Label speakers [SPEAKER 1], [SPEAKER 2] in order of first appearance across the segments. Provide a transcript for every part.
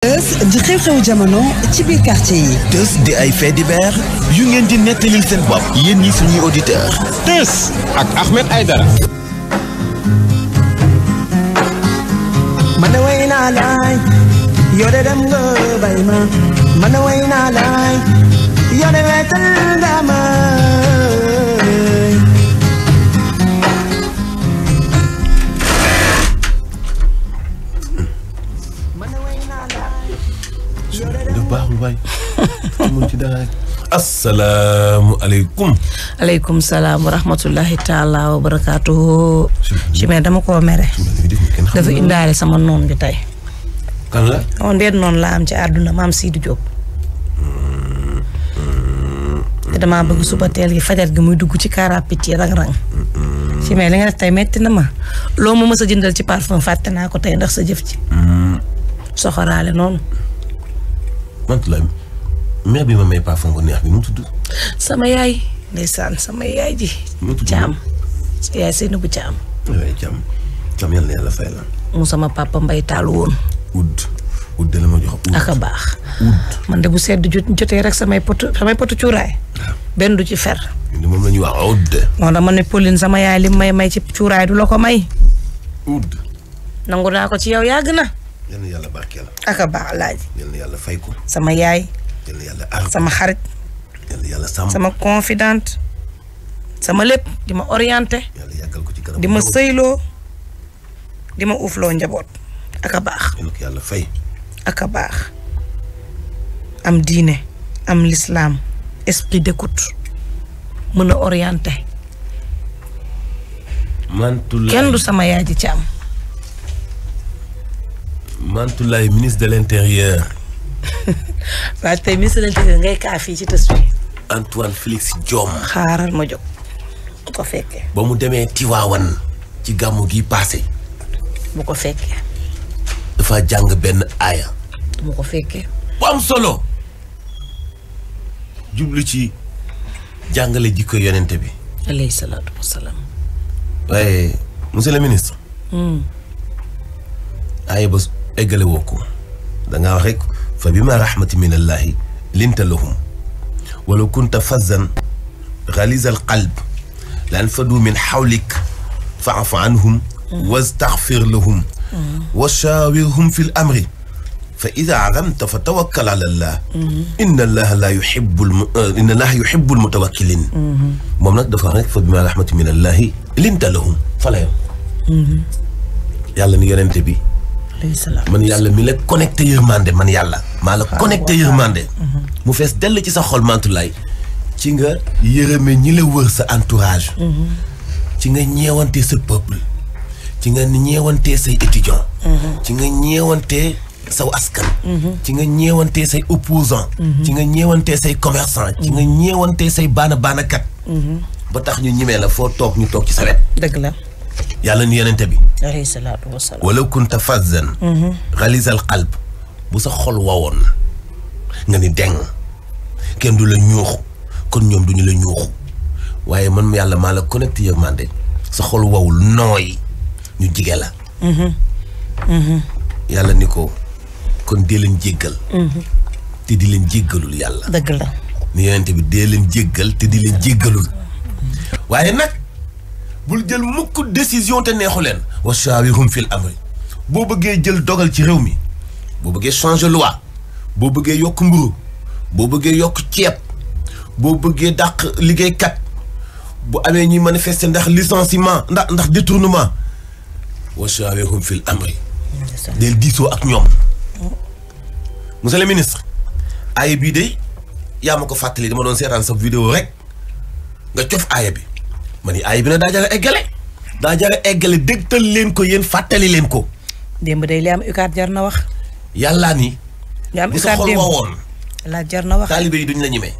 [SPEAKER 1] dës di xew-xewu jamono ci biir quartier
[SPEAKER 2] di ay faits divers yu ngeen di nettalil seen bopp yéen ñi suñuy auditeur dës ak Ahmed ay man de wey naa laay yoo de baaxul waay. mun ci
[SPEAKER 3] salaam wa rahmatullahi wa barakaatuhu. ci dama koo mere. dafa indaale sama noon bi tey. noon la. on laa am ci àdduna maam Sidi Diop. te damaa bëgg suba teel gi fajar gi muy dugg ci car rapide yi rang-rang. ci li nga def tey metti na ma. loo ma mës a jëndal ci parfum fàtte naa ko tey ndax sa jëf ci. Mm. soxoraale noonu.
[SPEAKER 2] manta la mais bi ma may pa fongo neex bi mu tudd
[SPEAKER 3] sama yaay saan samay yaay ji caam sa yaay seen bu caam
[SPEAKER 2] waay caam caam yàlla na yàlla fay
[SPEAKER 3] mu sama papa mbay taal woon udd udd ma jox ak a baax man de bu sedd jotee rek samay pot samay pot cuuraay ah. benn du ci fer
[SPEAKER 2] moom la ñuy wax udd
[SPEAKER 3] moo dama ne Pauline sama yaay li may may ci cuuraay du la ko may nangu naa ko ci yow yàgg na yal na yàlla ak baax laaj. yal na yàlla fay sama yaay. yàlla sama xarit. yal na yàlla sàmm sama confidente. sama lépp di ma orienté. yàlla ko ci kanam di ma sëyloo. di ma uufloo njaboot. ak a baax. yal fay. ak a baax. am diine. am lislaam esprit d'écoute. mën a orienté.
[SPEAKER 2] man kenn du
[SPEAKER 3] sama yaay ji ci am.
[SPEAKER 2] Mantoulaye ministre de l' intérieur.
[SPEAKER 3] waaw tey ministre de l' ngay kaa fii ci tës bi.
[SPEAKER 2] Antoine Félix Diome. xaaral ma jóg ko fekkee. ba mu demee Tiwaawan ci gàmmu gi paase.
[SPEAKER 3] bu ko fekkee.
[SPEAKER 2] dafa jàng benn aaya.
[SPEAKER 3] bu ko fekkee.
[SPEAKER 2] bu am solo. jublu ci jàngale jikko yonente bi.
[SPEAKER 3] alayhi salaatu
[SPEAKER 2] wa ministre. Hmm. aaya ba. eggale woo ko da ngaa wax rek fa bi ma rahmati min allaahi linta lahum walaw kunta fazan xaliza al qalb lan fadu min xawlik faafu anhum wastaxfir lahum wa shaawirhum fi l amri fa ida azamta fa tawakkal ala allah inna allaha la yuhibbul eh, inna allaha yuhibbul mutawakkilin moom nag dafa rek fa bima rahmatin min allahi linta lahum fa la yam yàlla ni yonente bi man yàlla mi la connecté yërmande man yàlla maa la ah, connecté yërmande mhm. mu fees dell ci sa xol mantulaay ci nga yërëme ñi la wër sa entourage mhm. ci nga ñeewante sa peuple ci nga ñeewante say étudiant mhm. ci nga ñeewante saw askan ci nga ñeewante say opposant ci nga ñeewante say commerçant ci nga ñeewante say baana baanakat ba tax ñu ñimee la foo toog ñu toog ci sa wet dëgg yàlla ni yonente bi.
[SPEAKER 3] alayhi salaatu wa salaam.
[SPEAKER 2] wala kunta fazzan. xalisal mhm. bu sa xol wawoon nga ni deng kenn du la ñuux kon ñoom du ñu la ñuuxu waaye man yàlla maa la connecté yow man sa xol wawul nooy ñu jige la.
[SPEAKER 3] Mhm. Mhm.
[SPEAKER 2] yàlla ni ko kon dee leen jéggal. te di leen jéggalul yàlla. la ni yonente bi dee leen jéggal te di leen jéggalul waaye nag. bul jël mukk décision te neexuleen leen wa shaawirhum boo bëggee jël dogal ci réew mi boo bëggee changer loi boo bëggee yokk mburu boo bëggee yokk ceeb boo bëggee dàq liggéeykat bu amee ñuy manifeste ndax licenciement ndax ndax détournement wa shaawirhum fil amri del diisoo ak ñoom monsieur le ministre aaya bii de yaa ma ko fàttali dama doon seetaan sa vidéo rek nga cof aaya bi ma ni aay bi na daa jara eggale daa jara eggale dégtal leen ko yéen fàttali leen ko démb day li am ukaat jar na wax yàlla ni li am ukaat woon la jar na wax taalibe yi duñu la ñime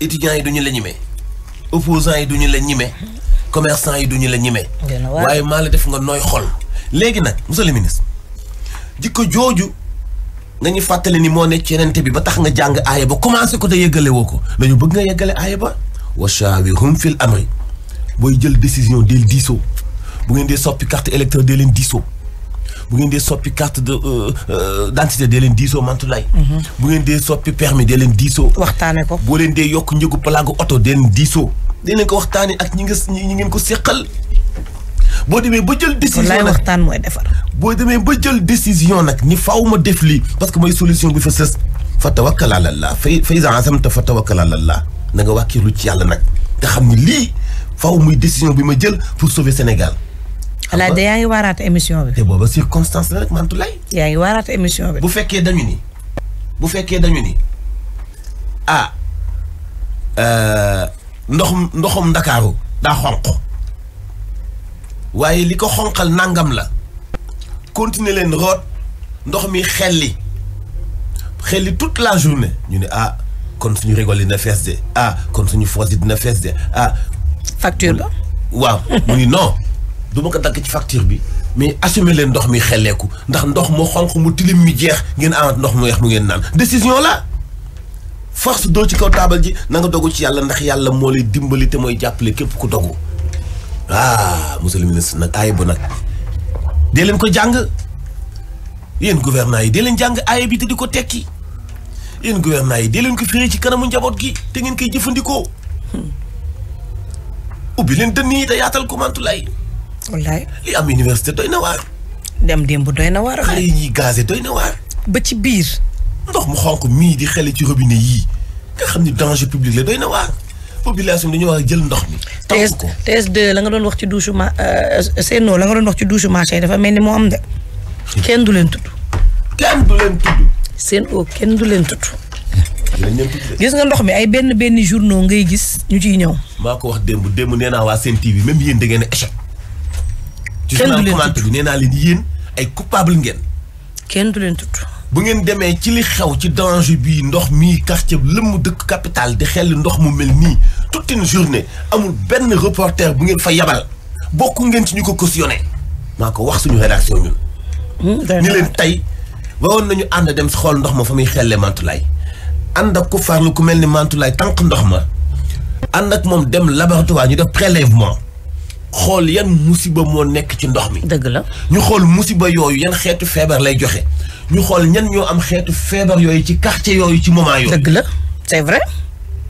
[SPEAKER 2] étudiants yi du ñu la ñime opposants yi du ñu la ñime commerçant yi du duñu la ñime waaye maa la def nga nooy xol léegi nag monsieur le ministre jikko jooju nga ñu fàttali ni moo ne ci bi ba tax nga jàng aaya ba commencé ko te yëggale ko ko ñu bëgg nga yëggale aaya ba wa shaawirhum fil amri booy jël décision del diisoo bu ngeen dee soppi carte électeur dee leen diisoo bu ngeen dee soppi carte de euh, euh, d'identité dee leen diisoo mantulaay mhm. bu ngeen dee soppi permis dee leen diisoo waxtaane ko boo leen dee yokk njëgu palaagu oto dee leen diisoo dee leen ko waxtaane ak ñi nga ñi ngeen ko séqal boo demee ba jël décision nag waxtaan mooy defar boo demee ba jël décision nag ni faaw ma def lii parce que mooy solution bi fa sës fa tawakkal ala Allah fa fa iza azamta fa tawakkal ala Allah na nga wàkkiirlu ci yàlla nag faaw muy décision bi ma jël pour sauver Sénégal. xalaat de yaa ngi waaraat émission bi. te booba circonstance la rek Mantoulaye.
[SPEAKER 3] yaa ngi waaraat émission bi.
[SPEAKER 2] bu fekkee dañu ni bu fekkee dañu ni ah euh, ndoxum ndoxum ndakaaru daa xonq waaye li ko xonqal nangam la continuer leen root ndox mi xelli xelli tout la journée ñu ne ah kon suñu rigole dina fees de ah kon suñu fosse dina fees de ah facture ba. waaw mu ni du ma ko dagg ci facture bi mais assumer leen ndox mi xelleeku ndax ndox mu xonq mu tilim mi jeex ngeen amat ndox mu weex mu ngeen naan décision la force doo ci kaw taabal ji nanga nga ci yàlla ndax yàlla moo lay dimbali te mooy jàppale képp ku dogu ah monsieur le ministre nag aay bu nag dee leen ko jàng yéen gouvernants yi dee leen jàng aay bi te di ko tekki yéen gouvernants yi dee leen ko firee ci kanamu njaboot gi te ngeen koy jëfandikoo. ubbi leen dënn yi te yaatal Koumantulaay. wallaay li am université doy na waar.
[SPEAKER 3] dem démb doy na waar.
[SPEAKER 2] xale yi ñuy gazé doy na waar. ba ci biir. ndox mu xonk mii di xale ci robinet yii nga xam ni danger public la doy na waar population dañoo war a jël ndox mi.
[SPEAKER 3] tànku ko TS2 la nga doon wax ci douche ma euh, Seno la nga doon wax ci douche marché dafa mel ni moo am de. kenn du leen tudd. kenn du leen tudd. Seno kenn du leen tudd. gis nga ndox mi ay benn benn journaux ngay gis
[SPEAKER 2] ñu ciy ñëw. maa ko wax démb démb nee naa waa seen TV même yéen da ngeen a échec. ci journal commenté bi nee naa leen yéen ay coupable ngeen. kenn du leen tudd. bu ngeen demee ci li xew ci danger bi ndox mi mii quartier lëmm dëkk capital di xel ndox mu mel nii toute une journée amul benn reporter bu ngeen fa yabal bokk ngeen ci ñu ko cautionné maa ko wax suñu rédaction ñun. Hmm, ni leen tey waroon nañu ànd dem si xool ndox ma fa muy xellee Mantoulaye ànd ak ku farlu ku mel ni Mantoulaye tànq ndox ma ànd ak moom dem laboratoire ñu def prélèvement xool yan musiba moo nekk ci ndox mi. dëgg la ñu xool musiba yooyu yan xeetu feebar lay joxe ñu xool ñan ñoo am xeetu feebar yooyu ci quartier yooyu ci moment yooyu. dëgg la c'est vrai.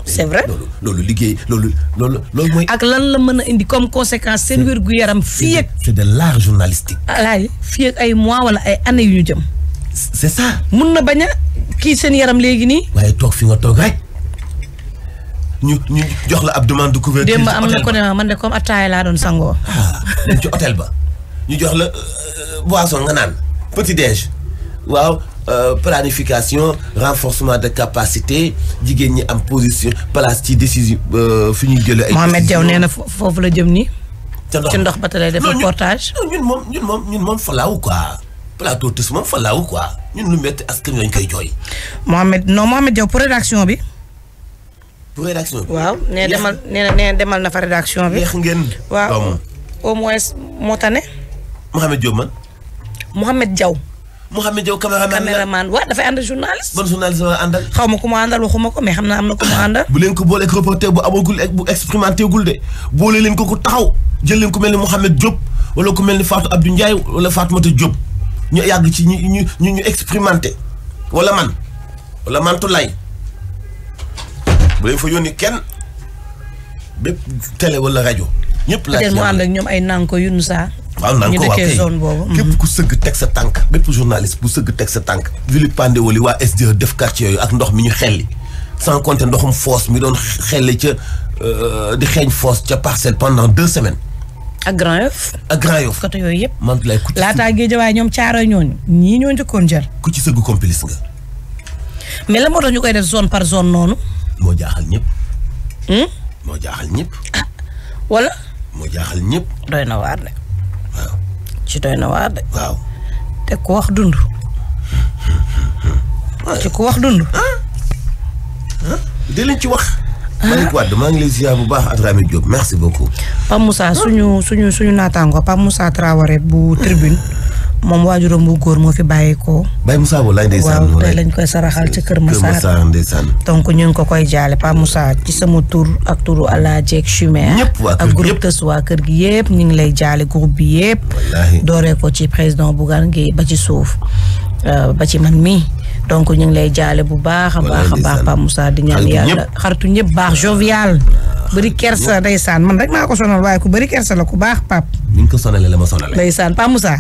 [SPEAKER 2] c'est vrai loolu loolu liggéey
[SPEAKER 3] loolu loolu loolu mooy. ak lan la mën a indi comme conséquence seen wér gu yaram. fii ak c'est de l'art
[SPEAKER 2] journalistique.
[SPEAKER 3] ay fii ay mois wala ay années yu jëm. c'est ça. mun na bañ a kii seen yaram léegi nii.
[SPEAKER 2] waaye toog fi nga toog rek. ñu ñu jox la ab demande de couverture. démb am na ko ne
[SPEAKER 3] man de comme attaaya laa doon sangoo. Ah,
[SPEAKER 2] dem ci hôtel ba ñu jox la euh, boisson nga naan petit déj waaw euh, planification renforcement de capacité jigéen ñi am position place ci décision euh, fi ñuy jëlee. ay Mohamed Diaw
[SPEAKER 3] foofu la jëm nii. ci ndox ba te lay reportage.
[SPEAKER 2] ñun moom ñun moom ñun moom falaaw quoi. plateau tis moom fa laaw quoi ñun lu métti askan wi lañ koy jooy.
[SPEAKER 3] Mohamed non Mohamed Diaw pour rédaction demal na fa rédaction bi. yeex
[SPEAKER 2] ngeen. waaw
[SPEAKER 3] au moins moo tane.
[SPEAKER 2] Mohamed Diop man. Mohamed Diaw. Mohamed Diaw caméraman caméraman waaw dafay ànd journaliste. ban journaliste xaw ma ku ma àndal xam naa am na ku ma àndal. bu leen ko booleeg reporter ko ku taxaw jël ku mel ni Mohamed Diop wala ku mel ni Fatou Abdou Ndiaye wala Fatoumata Diop. ñu yàgg ci ñu ñu ñu ñu expérimenté wala man wala mantulaay bu leen fa yónni kenn bépp télé wala rajo. ñëpp laaj mu ànd ak
[SPEAKER 3] ñoom ay nanko yu nu saa.
[SPEAKER 2] waaw nanko waaw kay zone boobu. képp mhm. ku sëgg teg sa tànk bépp journaliste bu sëgg teg sa tànk. Philippe Pandewoli waa SDE def quartier yooyu ak ndox mi ñu xelli sans compter ndoxum foos mi doon xelli ca euh, di xeeñ foos ca parcelle pendant deux semaines. ak Grand Yoff. ak Grand Yoff côté yooyu yëpp. man de lay ku
[SPEAKER 3] ñoom caaro ñooñu ñii ñoo njëkkoon jël.
[SPEAKER 2] ku ci sëgg complice nga.
[SPEAKER 3] mais la moo tax ñu koy def zone par zone noonu.
[SPEAKER 2] moo jaaxal ñëpp. Hmm? moo jaaxal ñëpp. Ah, moo jaaxal ñépp doy na waar de. waaw ci doy na waar de.
[SPEAKER 3] te ku wax dund. te ku wax dund. Ah?
[SPEAKER 2] Ah? di leen ci wax. Malick Wade maa ngi bu baax Adrame Diop merci beaucoup.
[SPEAKER 3] Pape Moussa suñu suñu suñu naataango pam Moussa Traoré bu tribune moom waajuram bu góor moo fi bàyyeekoo.
[SPEAKER 2] Baye Moussa bu laay ndeysaan waaw tey lañ
[SPEAKER 3] koy saraxal ci Kër Massar ndeysaan donc ñu ngi ko koy jaale pam Moussa ci sama tur ak turu allah jeeg Chumé. ñëpp ak groupe Teuss waa kër gi yëpp ñu ngi lay jaale groupe bi yëpp. dooree ko ci président Bougane Gueye ba ci suuf euh, ba ci man mi donc ñu ngi lay jaale bu baax a baax a baax Pape Moussa di ñaan yàlla xaritu ñëpp baax jovial bëri kersa ndeysaan man rek maa ko sonal ku bëri kersa la ku baax Pape
[SPEAKER 2] ko sonalee la ma sonalee ndeysaan Pape Moussa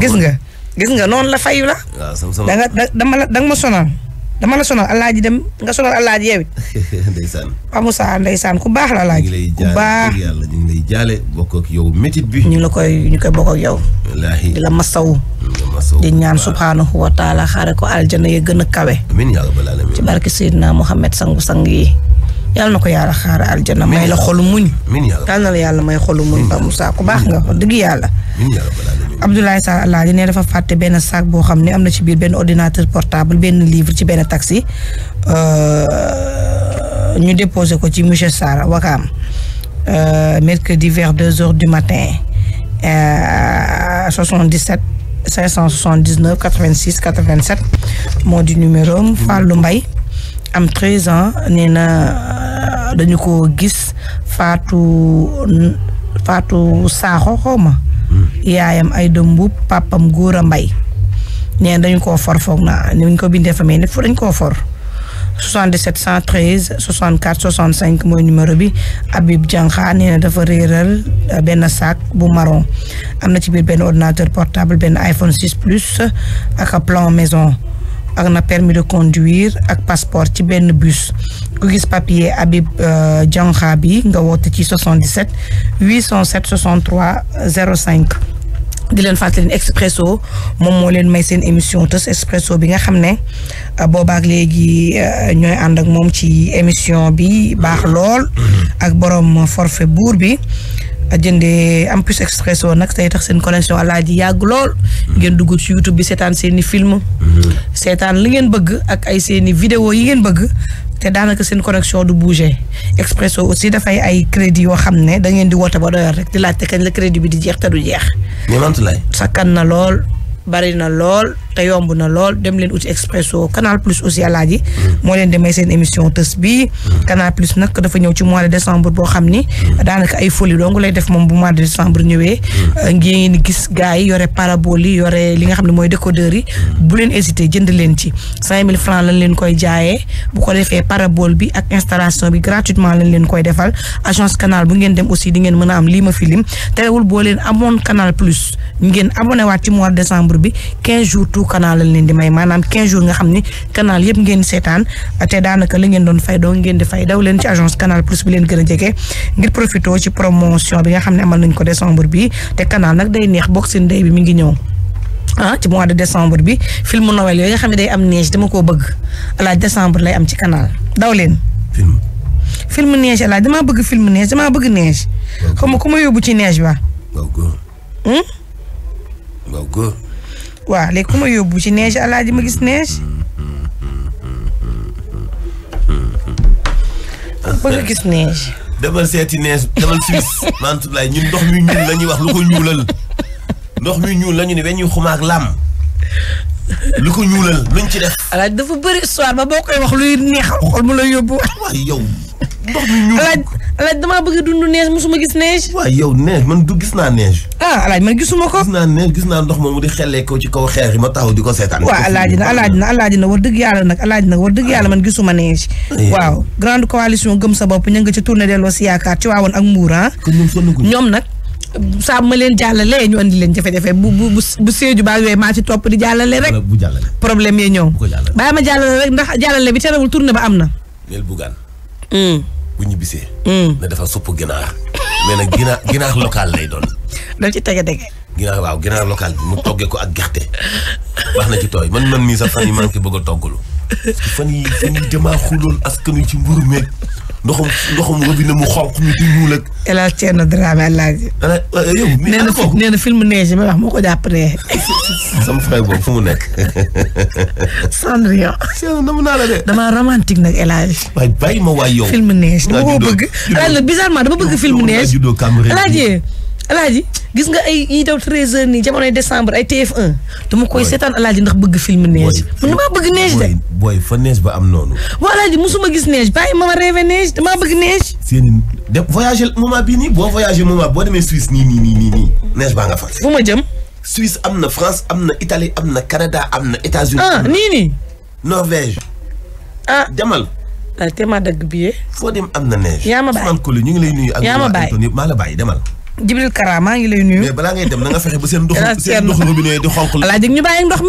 [SPEAKER 2] gis nga
[SPEAKER 3] gis nga noonu la fayu la da dama da ma sonal dama la sonal alaaji dem nga sonal alaaji yeewit ndeysaan Pape Moussa ndeysaan ku baax la alaaji ku baax
[SPEAKER 2] yàlla ñu ngi lay jaale bokk ak métit bi ñu la koy ñu koy bokk yow di
[SPEAKER 3] la masawu di ñaan subhaanahu wa taala ko aljana ya gën a kawe ci barke Seydina Muhammad sangu-sang yi yàlla na ko yàlla xaare aljana may la xolu yàlla na la yàlla may xolu ba Moussa ku baax nga wax dëgg yàlla Abdoulaye Sall Alaaji ne dafa fàtte benn sac boo xam ne am na ci biir benn ordinateur portable benn livre ci benn taxi euh, ñu déposé ko ci monsieur Sarr Wakaam euh, mercredi vers deux heures du matin euh, soixante-dix-sept 579 86 87 moo di numéro am mm-hmm. Fallou Mbaye am 13 ans nee na euh, dañu ko gis Fatou Fatou Sakho xaw ma mm-hmm. yaayam ay dëmbu papam góor Mbaye mbay na dañu koo for foog na ni ko bindee fa mais ne fu dañu koo for 77 113 64 65 mooy numéro bi Habib Diankha nee dafa réeral euh, benn sac bu marron am na ci biir benn ordinateur portable benn iPhone 6 plus ak plan maison ak na permis de conduire ak passeport ci benn bus ku gis papier Habib euh, Diankha bi nga woote ci 77 807 63 05 di leen fàttali Expresso moom moo leen may seen émission Teuss Expresso bi nga xam ne euh, boobaak léegi euh, ñooy ànd ak moom ci émission bi baax lool ak borom forfait buur bi a am plus Expresso nag tey tax seen connexion alaaji yàgg lool ngeen dugg ci YouTube bi seetaan seeni film mhm. seetaan li ngeen bëgg ak ay seeni vidéo yi ngeen bëgg te daanaka seen connexion du bouger Expresso aussi dafay ay crédit yoo xam ne da ngeen di woote ba doyal rek di laajte kañ la crédit bi di jeex te du jeex. ñëwante lay. sakkan na lool bari na lool. te yomb na lool dem leen uti expresso canal plus aussi alaaji moo leen demee seen émission tës bi canal plus nag dafa ñëw ci mois de décembre boo xam ni daanaka ay folie dong lay def moom bu mois de décembre ñëwee euh, ngeen gis gars yi yore parabole yi yore li nga xam ne mooy décodeur yi bu leen hésité jënd leen ci cinq mille francs lañ leen koy jaayee ko defee parabole bi ak installation bi gratuitement lañ leen koy defal agence canal bu ngeen dem aussi di ngeen mën a am lii ma filim terewul boo leen amoon canal plus ngeen abonné waat ci mois de décembre bi jours tout canal lañ leen may maanaam 15 jours nga xam ni canal yëpp ngeen seetaan te daanaka li doon fay doo ngeen di fay daw leen ci agence canal plus bi leen gën a jege ngir profito ci promotion bi nga xam ne amal nañ ko décembre bi te canal nag day neex Boxing Day bi mi ngi ñëw. ah ci mois de décembre bi film Noël yooyu nga xam ne day am neige dama koo bëgg alaaj décembre lay am ci canal daw leen. film film neige alaaj damaa bëgg film neige damaa bëgg neige. ci neige ba. waaw léegi ku ma yóbbu ci neige di ma gis neige.
[SPEAKER 2] Ah, bëgg gis neige. demal seeti neige demal Suisse Mantoulaye ñun ndox mi ñuul la ñuy wax lu ko ñuulal ndox mi ñuul la ñu ne ba ñuy xumaag làmm lu ko ñuulal luñ ci def. alaaji dafa bëri histoire ba boo koy wax luy neexal xol mu la yóbbu. waaw yow. ndox mi ñu.
[SPEAKER 3] alaaj damaa bëgg a dund neige mosuma gis neige. waaw yow
[SPEAKER 2] neige man du gis naa neige. ah alaaj man gisuma ko. gis naa neige gis naa ndox moomu di xellee ko ci kaw xeer yi ma taxaw di ko seetaan. waaw alaaji na alaaji
[SPEAKER 3] na alaaji na war dëgg yàlla nag alaaji na war dëgg yàlla man gisuma neige. waaw grande coalition gëm sa bopp ña nga ci tournée delloo si yaakaar ci waawoon ak Mbour ah. ñoom nag. saa leen leen jàllalee ñu andi leen jafe-jafe bu bu bu séeju ba yooyu maa ci topp di jàllale rek problème yi ñëw bàyyi ma jàllale rek ndax jàllale bi terewul tournée ba am na. bu ñibbisee. Hmm.
[SPEAKER 2] na defar suppu ginaar mais nag ginaar ginaar local lay doon.
[SPEAKER 3] da ci tege dege.
[SPEAKER 2] ginaar waaw ginaar local bi mu toggee ko ak gerte wax na ci tooy man man mii sa fan yi maa ngi bëgg a toggalu fan yi fan yi damaa xuloon askan wi ci mburu meeg ndoxum ndoxum robinet mu xonq mi ci ñuul ak. El Hadj Thierno Dramé Alaaji. Euh, yow nee na nee na film
[SPEAKER 3] neige bi wax moo ko jàppalee.
[SPEAKER 2] sama frère boobu fu mu nekk.
[SPEAKER 3] Cendrillon. Thierno namu naa la de. damaa romantique nag El Hadj. waay bàyyi ma waay yow. film neige dama ko bëgg.
[SPEAKER 2] alaaji bizarrement dama bëgg film neige.
[SPEAKER 3] alaaji alaaji gis nga ay yi daw 13h nii jamonoy décembre ay TF1 dama koy seetaan alaaji ndax bëgg film neige man damaa bëgg neige de
[SPEAKER 2] booy fa neige ba am noonu
[SPEAKER 3] waa alaaji musuma gis neige bàyyi ma rêvé neige damaa bëgg neige
[SPEAKER 2] seen boo voyager moment boo demee Suisse nii nii nii nga fa fu ma jëm Suisse am na France am na Italie am na Canada am na États-Unis ah nii nii Norvège ah demal te ma dagg billet foo dem am na neige yaa ma bàyyi ñu ngi lay nuyu ak yaa ma bàyyi demal Jibril Kara maa ngi lay nuyu. mais balaa ngay dem na nga fexe ba seen ndox seen ndox bi ne di xonq la ñu
[SPEAKER 3] bàyyi ndox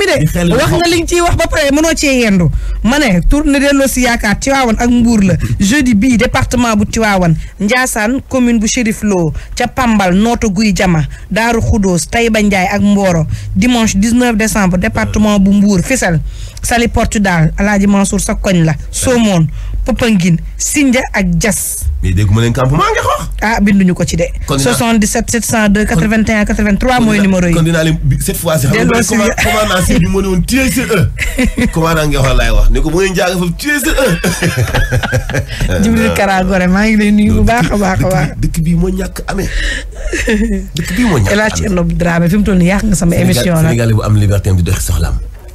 [SPEAKER 3] wax nga liñ ciy wax ba pare mënoo cee yendu ma ne tourne delloo si yaakaar Tiwaawan ak Mbuur la jeudi bii département bu Tiwaawan Njaasaan commune bu Chérif Lo ca Pambal noota Guy Jama Daaru Xudóos ba Njaay ak Mbooro dimanche 19 décembre département bu Mbuur Fisel Saly Portudal Alaaji Mansour sa koñ la Somone Popenguine Sindia ak Diass.
[SPEAKER 2] mais dégg ma leen campement nga
[SPEAKER 3] xoox. ah binduñu ko ci de. kon dinaa 77 702 81 83 mooy numéro yi. kon
[SPEAKER 2] dinaa leen cette fois ci xam nga commandant si bi e. laay wax ne ko bu ngeen jaaga foofu
[SPEAKER 1] e. Kara Gore maa ngi lay
[SPEAKER 2] nuyu bu baax a baax a baax. dëkk bii moo ñàkk amee dëkk bii moo ñàkk amee. El Hadj Ndiob Dramé
[SPEAKER 3] fi mu toll nii yàq nga sama émission la.
[SPEAKER 2] bu am liberté am di dox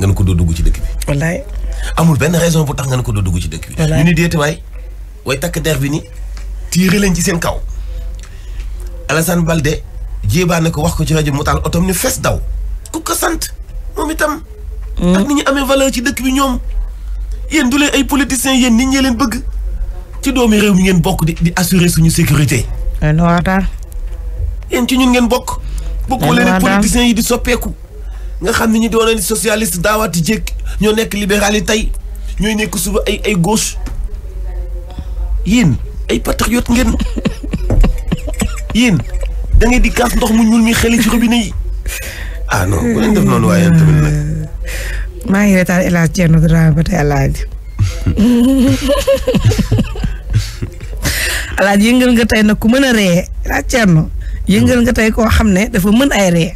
[SPEAKER 2] nga ne ko doo ci dëkk bi. amul benn raison bu tax nga ne ko doo dugg ci dëkk bi. wallaay ñu ni déet waay way takk der bi ni tiire leen ci seen kaw. Alassane Balde jéebaane ko wax ko ci rajo mu taal otom ni fes daw ku ko sant moom itam. Hmm. ak ni ñu amee valeur ci dëkk bi ñoom. yéen du leen ay politiciens yéen nit ñee bëgg ci doomi réew mi ngeen bokk di di assurer suñu sécurité. yéen ci ñun ngeen bokk. bokk leen politiciens yi di soppeeku. nga xam ne ñu doon nañu socialiste daawaati jékki ñoo nekk liberal yi tey ñooy nekk suba ay ay gauche yéen ay patriote ngeen yéen da di kaas ndox mu ñuul mi xeli ci robinet yi ah non bu leen def noonu waaye ngi retaan El Hadj Thierno Dramé
[SPEAKER 3] ba nga tey na ku mën a ree El Hadj Thierno yëngal nga tey koo xam ne dafa mën ay ree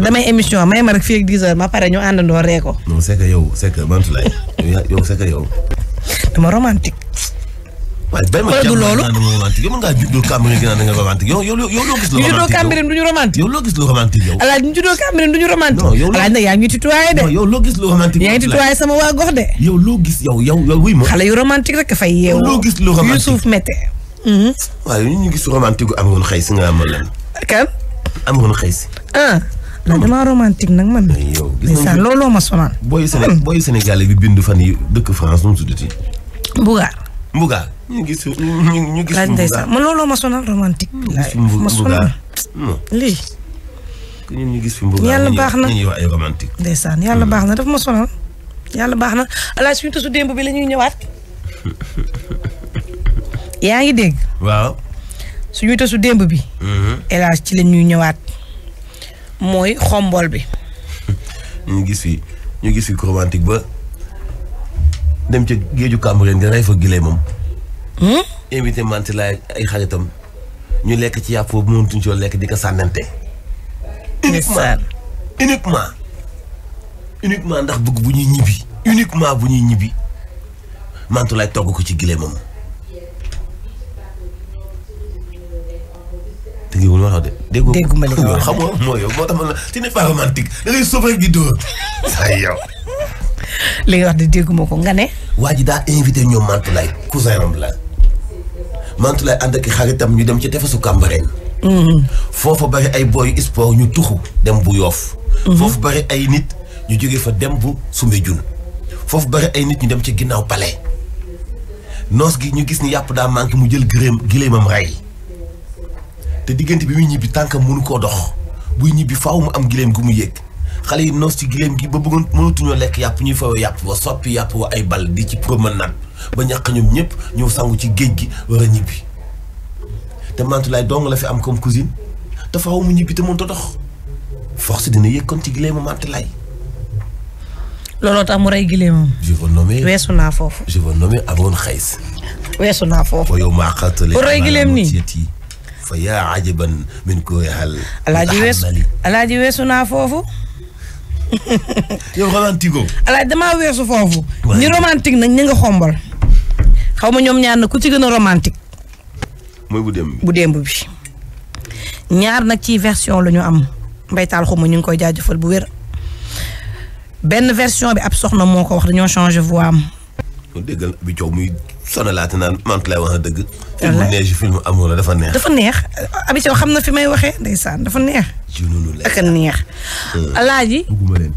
[SPEAKER 3] te damay émission may ma rek fii ak 10 heures ma pare ñu àndandoo ree ko.
[SPEAKER 2] non c'est que yow c'est que Mantoulaye yow c'est que yow.
[SPEAKER 3] dama romantique.
[SPEAKER 2] waaye benn ma jàmm loolu yow mën ngaa juddoo Cambérène a lu romantique yow ñu juddoo gis lu romantique yow.
[SPEAKER 3] alaaj ñu juddoo Cambérène du ñu romantique. non yow alaaj nag yaa ngi tutoyé de. non yow loo gis lu romantique. yaa ngi tutoyé sama waa gox de.
[SPEAKER 2] yow loo gis yow yow yow wuy lu mhm. ñu ngi gis romantique gu amoon xëy si nga amoon lan. kan. amoon xëy si.
[SPEAKER 3] ah. la damaa romantique nag man. yow gis nañu ne looloo ma sonal.
[SPEAKER 2] booy Sénégal hmm. booy Sénégal bi bind fan yi dëkk France nu mu tuddati. Mbugaar. Mbugaar ñu gis ñu ñu gis. Mbugaar man
[SPEAKER 3] looloo ma sonal romantique. ma sonal lii.
[SPEAKER 2] ñun ñu gis fi Mbugaar yàlla baax na ñuy wax ay romantique.
[SPEAKER 3] ndeysaan yàlla hmm. baax na daf ma sonal. yàlla baax na alaaj suñu tasu démb bi la ñuy ñëwaat. yaa ngi dégg. waaw. suñu tasu démb bi. alaaj hmm. ci la ñuy ñëwaat. mooy xombol bi.
[SPEAKER 2] ñu gis fi ñu gis fi romantique ba dem ca géeju Cambérène nga rey fa gilee moom. Hmm? invité Mantilaay ay xaritam ñu lekk ci yàpp boobu mënatuñ soo lekk di ko sànnante. uniquement uniquement uniquement ndax bëgg bu ñuy ñibbi uniquement bu ñuy ñibbi Mantilaay togg ko ci gilee moom. dégg nga wax de. déggu ma li nga wax moo tax man la tu n'es pas romantique da ngay sóob rek yow. li wax de
[SPEAKER 3] dégguma ko nga ne.
[SPEAKER 2] waa ji daa invité ñoom Mantoulaye cousin am la Mantoulaye ànd ak xaritam ñu dem ci tefesu Cambérène. Mm-hmm. foofa bari ay booyu sport ñu tuxu dem bu yoof mm-hmm. foofu bari ay nit ñu jóge fa dem bu Soumbédioune foofu bari ay nit ñu dem ci ginnaaw palais noos gi ñu gis ni yàpp daa manqué mu jël gëléem gëléemam rey. te diggante bi muy ñibbi tànkam mënu koo dox buy ñibbi faaw mu am gileem gu mu yéeg xale yi noos ci gileem gi ba bëggoon mënatuñoo lekk yàpp ñuy fawe yàpp wa soppi yàpp wa ay bal di ci promenade ba ñàq ñoom ñëpp ñëw sangu ci géej gi a ñibbi te Mantoulaye la fi am comme cousine te faaw mu ñibbi te mënut a dox force dina yéeg kon ci gileemu Mantoulaye. looloo tax mu rey gileemam. je weesu naa foofu. je vais nommer Aroune Xays. weesu naa foofu. yow maa xaatale. bu rey gileem nii fa yaa ajaban min ko hal
[SPEAKER 3] alaaji weesu naa foofu yow romantique o alaaji damaa weesu foofu ñi romantique nag ñi nga xaw ma ñoom ñaar na ku ci gën a romantique mooy bu démb bi ñaar nag ci version lañu ñu am mbaytaal xuma ñu ngi koy jaajëfal bu wér benn version bi ab soxna moo ko wax dañoo changé voix am
[SPEAKER 2] sonalaate naan man lay wax dëgg. film neex film amoon la dafa neex.
[SPEAKER 3] dafa xam na fi may waxee ndeysaan dafa neex. ak neex. Euh, alaaji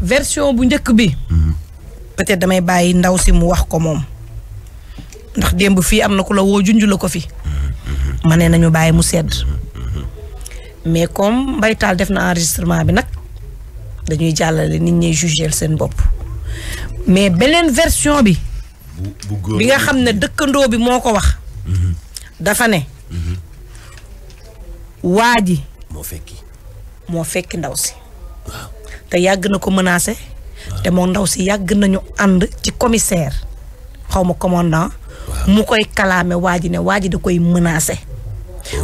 [SPEAKER 3] version bu njëkk bi. Mhm. peut-être damay bàyyi ndaw si mu wax ko moom. ndax démb fii am na ku la woo junj ko fi. Mhm. ma ne nañu bàyyi mu sedd. Mhm, mais comme mbaytaal def na enregistrement bi nag dañuy jàllale nit ñi jugeel seen bopp mais beneen version bi.
[SPEAKER 1] bu bi nga xam
[SPEAKER 3] ne dëkkandoo bi moo ko wax. Mhm. dafa ne. Mhm. waa ji. moo fekki. moo fekki ndaw si. te yàgg na ko menacé. te moo ndaw si yàgg nañu ànd ci commissaire. xaw ma commandant. mu koy kalaame waa ji ne waa ji da koy menacé.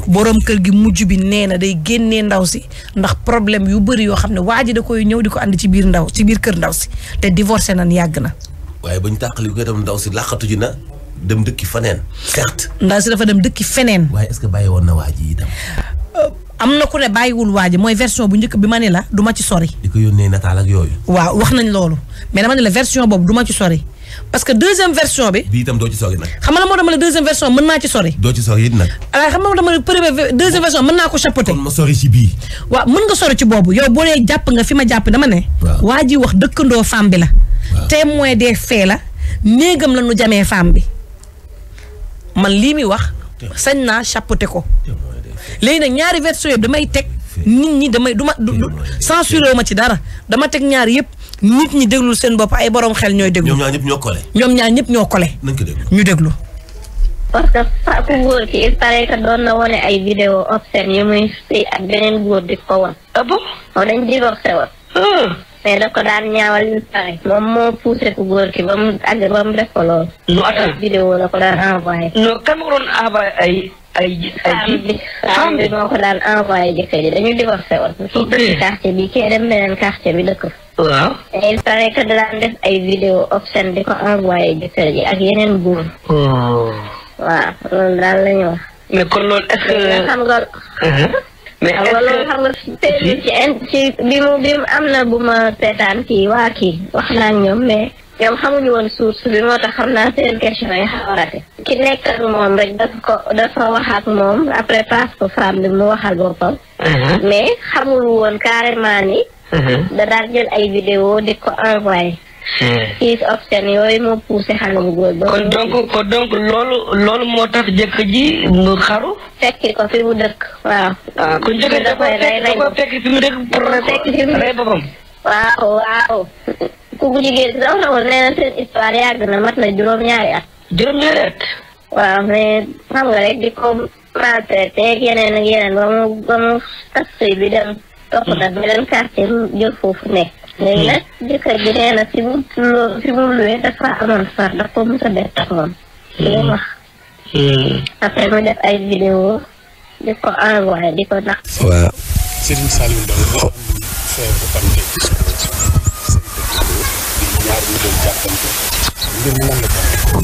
[SPEAKER 3] borom kër gi mujj bi nee na day génnee ndaw si ndax problème yu bari yoo xam ne waa ji da koy ñëw di ko ànd ci biir ndaw ci biir kër ndaw si te divorcé nan yàgg na.
[SPEAKER 2] waaye ba ñu tàqali ko itam ndaw si làqatu ji na dem dëkki faneen certes.
[SPEAKER 3] ndaw si dafa dem dëkki feneen. waaye
[SPEAKER 2] est-ce que bàyyi woon na waa ji itam.
[SPEAKER 3] Euh, am na ku ne bàyyiwul waa ji mooy version bu njëkk bi ma ne la du ma
[SPEAKER 2] ci sori. di ko yónnee nataal ak yooyu.
[SPEAKER 3] waaw wax nañ loolu mais dama ne la version boobu ma ci sori parce que deuxième version bi.
[SPEAKER 2] bii itam doo ci sori nag.
[SPEAKER 3] xam nga moo dama la deuxième version mën naa ah, naa ko chapeauter. kon ma sori ci bii. waaw mën nga sori ci boobu yow boo dee jàpp nga fi ma jàpp dama ne. waaw waa ji wax dëkkandoo femme bi la. mooy des faits la néegam la ñu jamee femme bi man lii muy wax sañ naa chapeauté ko léegi nag ñaari version yëpp damay teg nit ñi damay duma ma du censuré wu ma ci dara dama teg ñaar yëpp nit ñi déglu seen bopp ay boroom xel ñooy déglu. ñoom
[SPEAKER 2] ñaar ñoo kole.
[SPEAKER 3] ñëpp ñoo kole. ñu déglu.
[SPEAKER 4] parce que fa góor ki il paraît que doon na wane ay vidéo obscène yu muy sëy ak beneen góor di ko wan. ah bon. dañ divorcé woon. Hmm. mais da ko daan ñaawal pare moom moo poussé ku góor ki ba mu àgg ba mu def ko lool. lu atal vidéo la ko daan envoyé. non kan moo envoyé ay. ay ji ay ji femme jëkkër ji dañu divorcé woon. ok kii quartier bi bi dëkk. waaw. il paraît que def ay vidéo obscène di ko envoyé jëkkër ji ak yeneen góor.
[SPEAKER 5] Oh.
[SPEAKER 4] waaw loolu daal la ñu wax.
[SPEAKER 5] mais kon loolu est-ce que.
[SPEAKER 4] xam mais est-ce bi mu bi mu am na bu ma seetaan kii waa ki wax naa ñoom mais ñoom xamuñu woon source bi moo tax xam naa seen question yi xaw ki nekk moom rek dafa ko dafa wax ak moom après passe ko femme bi mu waxal boppam. Uh-huh. mais xamul woon carrément ni. Uh-huh. da daal jël ay vidéo di ko envoyé. siis hmm. option yooyu moo poussé xale bu góor kon donc kon donc loolu loolu moo tax jëkk ji mu xaru. fekki ko fi mu dëkk waaw. ah kon jëkkër da koy rey da koy fekki fi mu dëkk pour rey boppam. waaw waaw. kooku jigéen sax na ko nee na seen histoire yàgg na mat na juróom-ñaari at. juróom-ñaari at. waaw mais xam nga rek di ko maltraité ak yeneen ak yeneen ba mu ba mu bi dem. topp na beneen quartier jël foofu nekk. léegi nag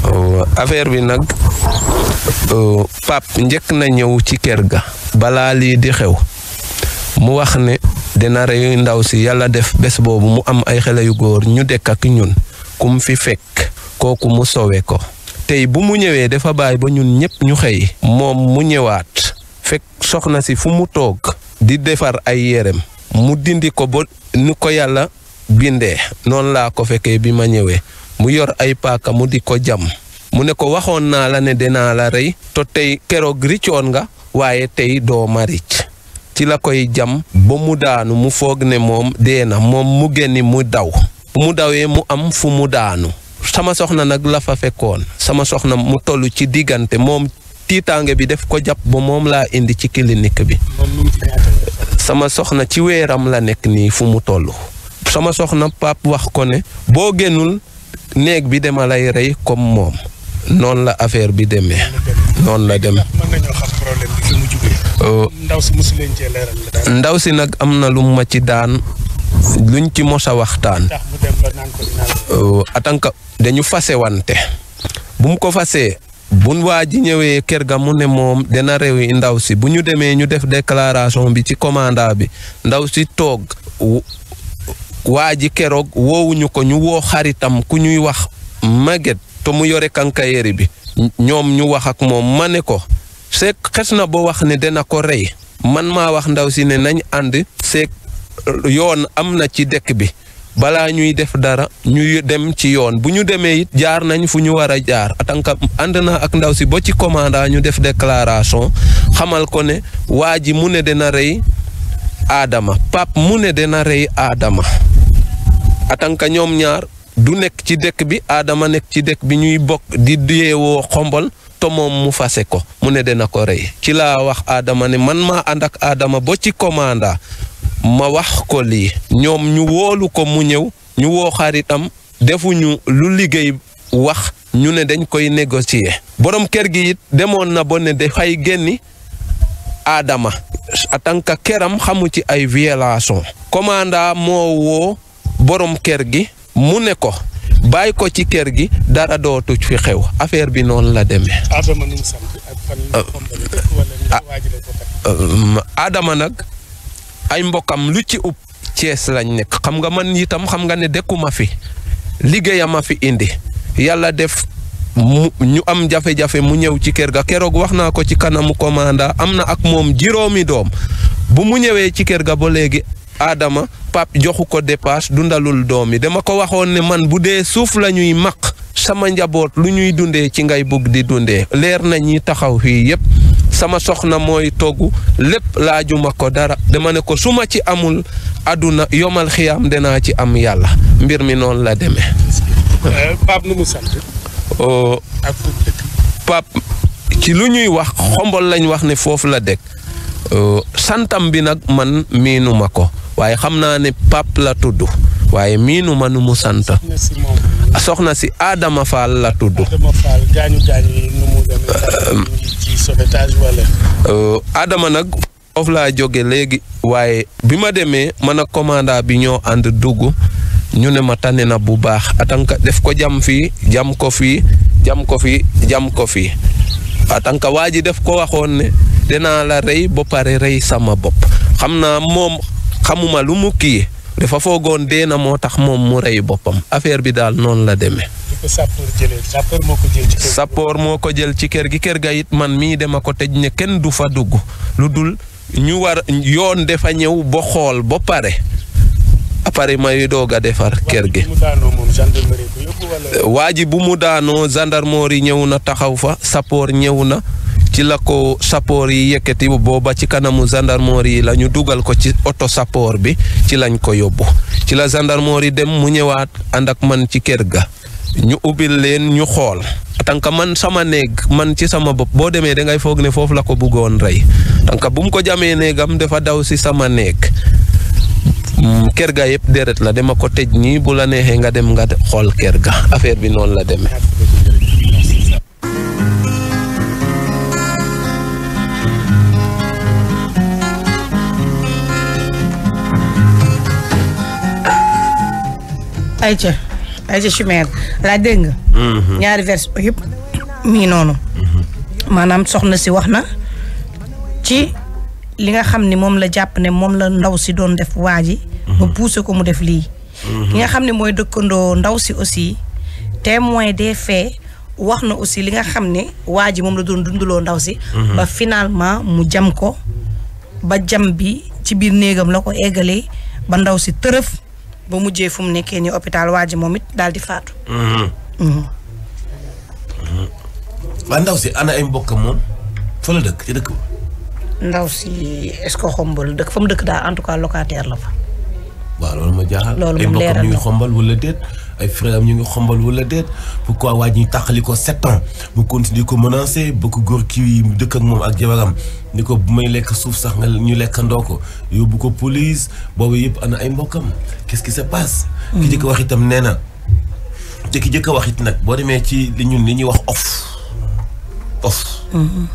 [SPEAKER 6] affaire bi nag oh, pap njëkk na ñëw ci kër ga. bala lii di xew mu wax ne. dina rey ndaw si yàlla def bés boobu mu am ay xale yu góor ñu dekk ak ñun ku mu fi fekk kooku mu sowe ko tey bu mu ñëwee dafa bàyyi ba ñun ñëpp ñu xëy moom mu ñëwaat fekk soxna si fu mu toog di defar ay yérem mu dindi ko ba nu ko yàlla bindee noonu laa ko fekkee bi ma ñëwee mu yor ay paaka mu di ko jam mu ne ko waxoon naa la ne dinaa la rey to tey keroog riccoon nga waaye tey doo ricc ci la koy jam ba mu daanu mu foog ne moom dee na moom mu génni mu daw mu dawee mu am fu mu daanu sama soxna nag la fa fekkoon sama soxna mu toll ci diggante moom tiitaange bi def ko jàpp ba moom laa indi ci clinique bi sama soxna ci weeram la nekk nii fu mu toll sama soxna pap wax ko ne boo génnul néeg bi dama lay rey comme moom noonu la affaire bi demee noonu la dem ndaw si mosu
[SPEAKER 7] leen
[SPEAKER 6] ndaw si nag am na lu ma ci daan luñ ci mos a waxtaan.
[SPEAKER 7] tax
[SPEAKER 6] euh, dañu fase wante bu mu ko fasee. bu waa ji ñëwee kër ga mu ne moom dana réew yi ndaw si bu ñu demee ñu def declaration bi ci commanda bi ndaw si toog waa ji keroog woowuñu ko ñu woo xaritam ku ñuy wax maget te mu yore kankayeri bi ñoom ñu wax ak moom ma ne ko c'est xes na boo wax ne dana ko rey man maa wax ndaw si ne nañ ànd seeg yoon am na ci dëkk bi balaa ñuy def dara ñuy dem ci yoon bu ñu demee it jaar nañ fu ñu war jaar atanka ànd naa ak ndaw si boo ci commanda ñu def déclaration xamal ko ne waa ji mu ne dina rey aadama pap mu ne dina rey aadama atanka ñoom ñaar du nekk ci dëkk bi aadama nekk ci dëkk bi ñuy bokk di deewoo xombol te moom mu fase ko mu ne dana ko rey ci la wax Adama ne man maa ànd ak Adama boo ci commanda ma wax ko lii ñoom ñu woolu ko mu ñëw ñu woo xaritam defuñu lu liggéey wax ñu ne dañ koy négocier borom kër gi it demoon na ba ne dafay génni Adama en tant que këram xamu ci ay violation commanda moo woo borom kër gi mu ne ko bàyyi ko ci kër gi dara dootu fi xew affaire bi noonu la demee. Adama euh, ah, euh, nag ay mbokkam lu ci ub Cees lañ nekk xam nga man itam xam nga ne dëkkuma fi liggéeyama fi indi yàlla def ñu am jafe-jafe mu ñëw ci kër ga keroog wax naa ko ci kanamu commanda am na ak moom juróomi doom bu mu ñëwee ci kër ga ba léegi Adama pap joxu ko dépasse dundalul doom yi dama ko waxoon ne man bu dee suuf la ñuy maq sama njaboot lu ñuy dunde ci ngay bugg di dunde leer na ñi taxaw fii yépp sama soxna mooy togg lépp laajuma ko dara dama ne ko su ma ci amul àdduna yomal xiyaam danaa ci am yàlla mbir mi noonu la demee. Euh, Pape nu oh. ci lu ñuy wax xombol lañ wax ne foofu la dëkk Euh, santam bi nag man miinuma ko waaye xam naa ne Pape la tudd waaye miinu ma nu sant. soxna si Adama Fall la tudd.
[SPEAKER 7] Adama Fall gaañu
[SPEAKER 6] euh, euh, nag foofu laa jóge léegi waaye bi ma demee man ak commandant bi ñoo ànd dugg ñu ne ma tane na bu baax atanka def ko jam fii jam ko fii jam ko fii jam ko fii. en tant que waa ji def ko waxoon ne dinaa la rey ba pare rey sama bopp xam naa moom xamuma lu mukk yi dafa foogoon dee na moo tax moom mu rey boppam affaire bi daal noonu la demee. sappoor moo ko jël ci kër gi kër ga it man mii dama ko tëj ne kenn du fa dugg lu dul ñu war yoon defa ñëw ba xool ba apparemment yu doog a defar kër gi waa ji bu mu daanoo yi ñëw na taxaw fa sappoor ñëw na ci la ko sappoor yi yëkkati booba ci kanamu gendarmerie yi la ñu dugal ko ci oto sappoor bi ci lañ ko yóbbu ci la yi dem mu ñëwaat ànd ak man ci kër ga ñu ubbil leen ñu xool tànka man sama néeg man ci sama bopp boo demee dangay foog ne foofu la ko bëggoon rey tànka bu ko jamee néegam dafa daw si sama néeg kër gaa yëpp deret la dema ko tëj nii bu la neexee nga dem nga xool kër ga affaire bi noonu la demee.
[SPEAKER 3] Aïcha Aïcha Chimère laa dégg nga. Mhm. ñaari vers yëpp mi ngi noonu. maanaam soxna si wax na ci li nga xam ni moom la jàpp ne moom la ndaw si doon def waa ba pousser ko mu def lii li nga xam ne mooy dëkkandoo ndaw si aussi témoin des faits wax na aussi li nga xam ne waaj moom la doon dunduloo ndaw si mhm. ba finaalement mu jam ko ba jam bi ci biir néegam la ko eggalee ba ndaw si tërëf ba mujjee fu mu nekkee ni hôpital waa ji moom it daal di faatu mhm. Mhm.
[SPEAKER 2] waa ndaw si ana ay mbokkam moom fa la dëkk ci dëkk ba
[SPEAKER 3] ndaw si est-ce que xombal dëkk fa mu dëkk daal en tout cas locataire la fa
[SPEAKER 2] waaw loolu ma jaaxal ay mbokkam ñu ngi xombal wala déet ay frère am ñu ngi xombal wala déet pourquoi waa ji ñu tàqali ko sept ans mu continuer ko menacer bëgg góor kii dëkk ak ak jabaram ni ko bu may lekk suuf sax nga ñu lekkandoo ko yóbbu ko police boobu yëpp ana ay mbokkam qu'est-ce qui se passe hmm. ki jëkk wax itam nee na te ki jëkk wax it nag boo demee ci li ñun li ñuy wax off off hmm.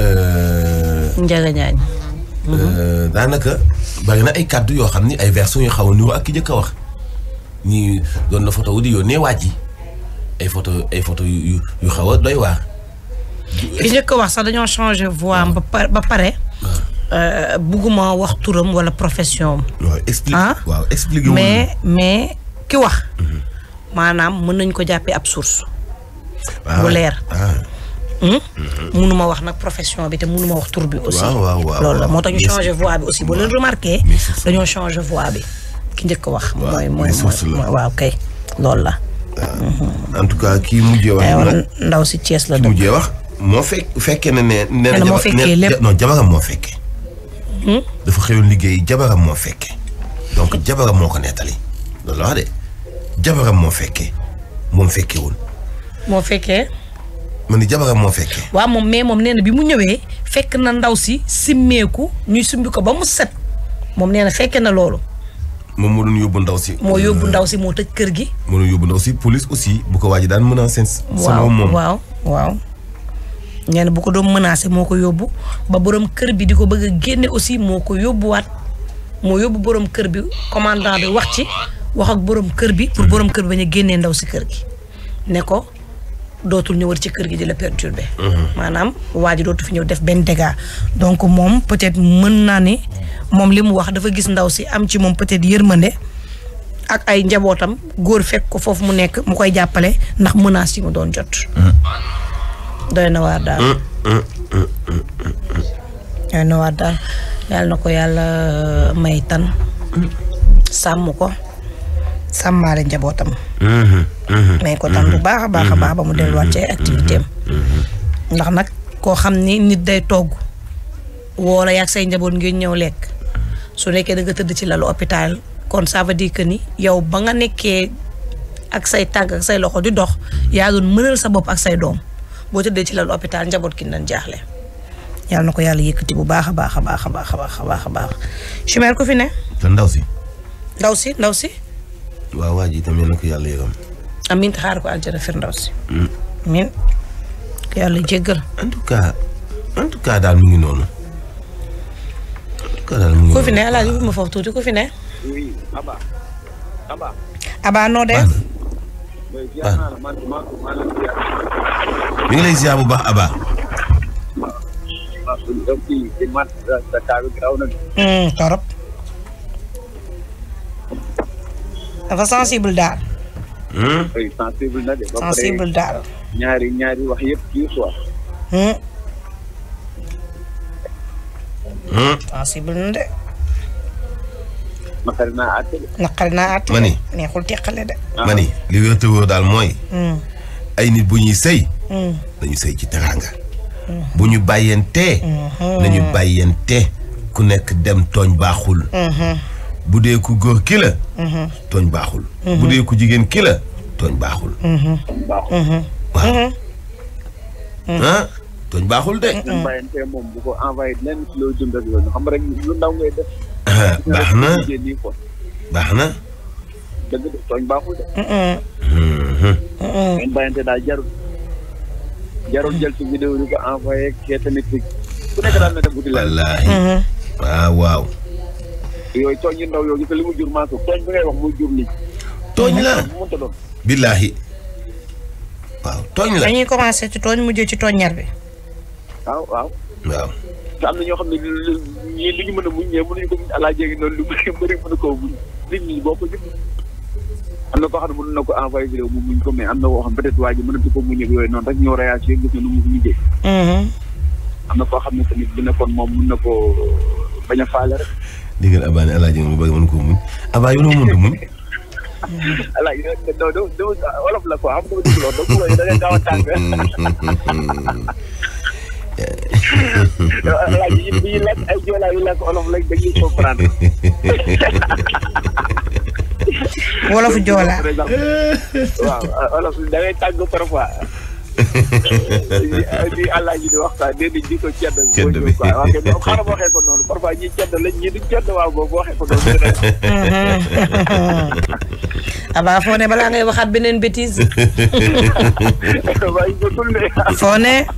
[SPEAKER 2] euh, Euh, daanaka bari na ay kàddu yoo xam ni ay version yu xaw a nuyoo ak ki njëkk a wax ñii doon na photo wu di yónnee waaj yi ay photo ay photo yu yu xaw a doy waar.
[SPEAKER 3] ki njëkk wax sax dañoo changé voix ba pare. Ah. Euh, bugguma wax turam wala profession
[SPEAKER 2] am. Ah. waaw explique mais
[SPEAKER 3] mais ki wax. Mhm. maanaam mën nañ ko jàppee ab source. Ah. bu leer. mënuma wax nag profession bi te mënuma wax tur bi aussi loolu la moo tax ñu changé voix bi aussi boo leen remarqué dañoo changé voix bi ki njëkk ko wax mooy mooy waaw kay loolu la
[SPEAKER 2] euh, en tout cas kii mujjee wax ndaw si Thiès la dëkk mujjee wax moo fekk fekkee ne ne nee na moo fekkee lépp non jabaram moo fekkee hmm? dafa xëyoon liggéey jabaram moo fekkee donc jabaram moo ko nettali loolu la wax de jabaram moo fekkee moom fekkee woon
[SPEAKER 3] moo fekkee
[SPEAKER 2] ma ni jabaram moo fekkee.
[SPEAKER 3] waaw moom mais moom nee bi mu ñëwee fekk na ndaw si simmeeku ñuy sumbi ko ba mu set moom nee na fekkee na
[SPEAKER 2] loolu. moom moo doon yóbbu ndaw si. moo yóbbu euh, ndaw si
[SPEAKER 3] moo tëj kër gi.
[SPEAKER 2] moo yóbbu ndaw si police aussi bu ko waaj daan menacé. waaw moom waaw
[SPEAKER 3] waaw. nee bu ko doon menacé moo ko yóbbu ba borom kër bi di ko bëgg a génne aussi moo ko yóbbuwaat moo yóbbu borom kër bi commandant bi wax ci wax ak borom kër bi. pour borom kër bi bañ a génnee ndaw si kër gi ne ko. dootul ñëwar ci kër gi di la bi mhm. maanaam waa ji dootu fi ñëw def benn dégât. donc moom peut-être mën naa ni moom li mu wax dafa gis ndaw si am ci moom peut-être yërmande ak ay njabootam góor fekk ko foofu mu nekk mu koy jàppale ndax menaces yi mu doon jot. Mhm. doy na waar daal. Mhm, doy na waar daal yàlla na ko yàlla may tan sàmm ko. sàmmaale njabootam.
[SPEAKER 1] Mm-hmm. Mm-hmm.
[SPEAKER 3] may ko tam bu mm-hmm. baax a baax a baax ba mu delluwaat ci ay activité am. ndax nag koo xam ni nit day togg woo la say njaboot ngeen ñëw lekk su nekkee da nga tëdd ci lalu hôpital kon ça veut dire que ni yow ba nga nekkee ak say tànk ak say loxo di dox yaa doon mënal sa bopp ak say doom boo tëddee ci lalu hôpital njaboot ki nañ jaaxle. yàlla na ko yàlla yëkkati bu baax a baax a baax a baax a baax a baax a baax. Chimère ku fi ne. te ndaw si. ndaw si ndaw si.
[SPEAKER 2] waaw waa ji itam yal na ko yàlla yërëm.
[SPEAKER 3] amiin xaar ko aljara firdawsi. amiin yàlla jéggal. en tout
[SPEAKER 2] cas en tout cas daal mu ngi noonu. en tout cas daal mu ngi noonu ku fi ne
[SPEAKER 3] alaaji bu ma foofu noo def.
[SPEAKER 2] mi ngi lay ziar bu baax Aba. torop.
[SPEAKER 3] dafa sensible daal.
[SPEAKER 7] sensible daal. ñaari ñaari wax yëpp kii quoi.
[SPEAKER 3] sensible na de. xul naa teqale de.
[SPEAKER 2] ma ni li daal mooy. ay nit bu ñuy sëy. dañu sëy ci teraanga. bu ñu bàyyante. nañu bàyyante ku nekk dem tooñ baaxul. bu dee ku góor ki la. Mhm. tooñ baaxul. Mhm. bu dee ku jigéen ki la tooñ baaxul.
[SPEAKER 1] baaxul. Mhm. waaw. ah
[SPEAKER 2] tooñ baaxul de.
[SPEAKER 7] moom bu ko envoyé loo jëm rek yow xam rek lu ndaw ngay def.
[SPEAKER 1] Ah,
[SPEAKER 2] baax na baax na.
[SPEAKER 7] dëgg de tooñ baaxul de. ngeen bàyyante daal jarul jarul jël ci vidéo di ko envoyé kee tamit ku nekk daal na dem uti la. wallaahi waaw waaw. yooyu tooñ yu ndaw yooyu te li mu jur maa ko tooñ bi ngay wax muy jur lii. tooñ la mënta doon. billaahi
[SPEAKER 3] waaw tooñ la. dañuy commencé ci tooñ mujjee ci tooñ ñaar bi.
[SPEAKER 7] waaw waaw. waaw. te am na ñoo xam ne ñii li ñu mën a muñ ñee mënuñu ko muñ alaa jéegi noonu lu a koo ko jëm xam ne mën na ko envoyé vidéo mu muñ na koo xam peut être waa ji mënatu ko muñ ak na mu mujjee mm-hmm. am na koo xam ne tamit bi nekkoon moom mën na ko bañ a faale rek
[SPEAKER 2] déggal abaa ne alaaji nga mu bëgg mën koo muñ abaa yow noo mënta muñ
[SPEAKER 7] wolof la ko a wolof lañ
[SPEAKER 1] di
[SPEAKER 7] àllaaji di waxtaan nee nañ di ko
[SPEAKER 8] cedd cedd bi quoi
[SPEAKER 3] balaa ngay waxaat beneen bêtise waaye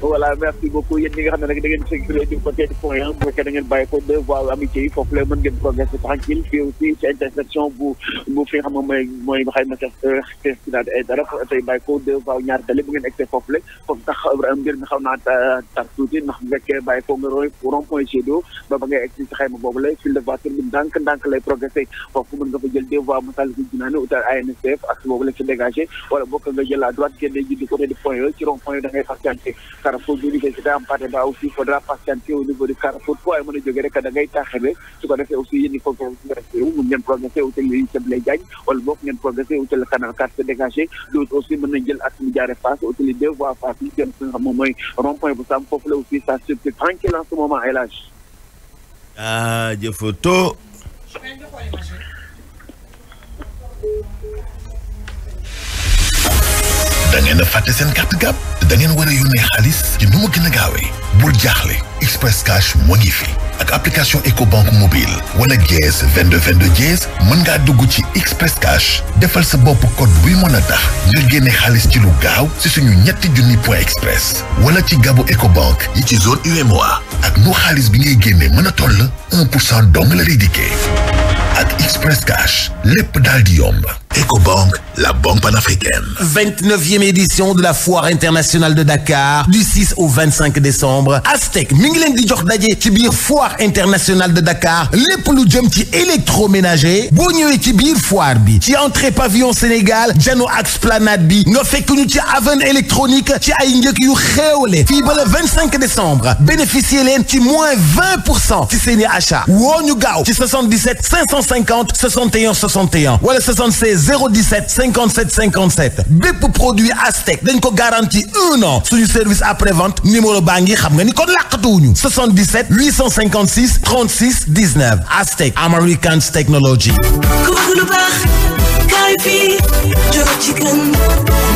[SPEAKER 7] voilà merci beaucoup yéen ñi nga xam ne nag da ngeen sécuré du côté du bu fekkee da ngeen bàyyi ko deux voies amitié yi ci intersection bu bu fi nga xam ne mooy mooy xayma tey dara tey bàyyi ko deux voies bu ngeen egg see foofu la tax euh, tuuti ndax bu fekkee bàyyi ko nga rond point Gédo ba ba ngay egg xayma boobu la fil de voiture bi ndànk ndànk lay progresser foofu mën nga fa jël deux voies Massalikul Jinaan utal ANSF ak boobu la ci dégagé wala bokk nga jël à droite génne ji du côté du point e, ci rond point e da Carrefour bu liggéey ci Hampâté Bâ aussi faudra patienter au niveau du Carrefour foo ay mën a jógee rek da ngay taxawee su ko defee aussi yéen ñi ko mun ngeen progressé hôtel yi Hissène Blaise Diagne wala boog ngeen progressé hôtel Canal 4 se dégagé loolu aussi mën nañ jël ak mu jaare face hôtel yi deux voies face yi jëm fi nga xam moom mooy rond point bu Sam foofu la aussi ça circule tranquille en ce moment El Hadj.
[SPEAKER 2] jaajëf to.
[SPEAKER 1] da ngeen a fàtte seen carte gab da ngeen war a yónnee xaalis ci nu mu gën a gaawee bul jaaxle express cash moo ngi fi ak application Ecobank mobile wala dièse 22 mën ngaa dugg ci express cash defal sa bopp code buy mën a tax nga génne xaalis ci lu gaaw si suñu ñetti junni point express wala ci gabu Ecobank yi ci zone UMOA ak nu xaalis bi ngay génne mën a toll 1 pour cent dong la lay dikkee ak Express Cash lépp daal di yomb Ecobank la banque panafricaine
[SPEAKER 8] 29e édition de la foire international de Dakar du 6 au 25 décembre Aztec mi ngi leen di jox daje ci biir foire internationale de Dakar le lu jëm ci électroménager boo ñëwee ci biir foire bi ci entrée pavillon Sénégal jano ak esplanade bi nga fek ñu ci aven électronique ci ay njëkk yu xéewle fii ba le 25 décembre bénéficier leen ci moins 20 pour cent ci seeni achat woo ñu gaaw ci 77 550 61 61 wala 76 017 57 57 bépp produit Aztec dañ ko garanti un an suñu service après vente numéro baa ngi xam nga ni kon làqatuwuñu 77 856 36 19 Aztec Americans Technology. kooku lu baax kaay bi jox ci kan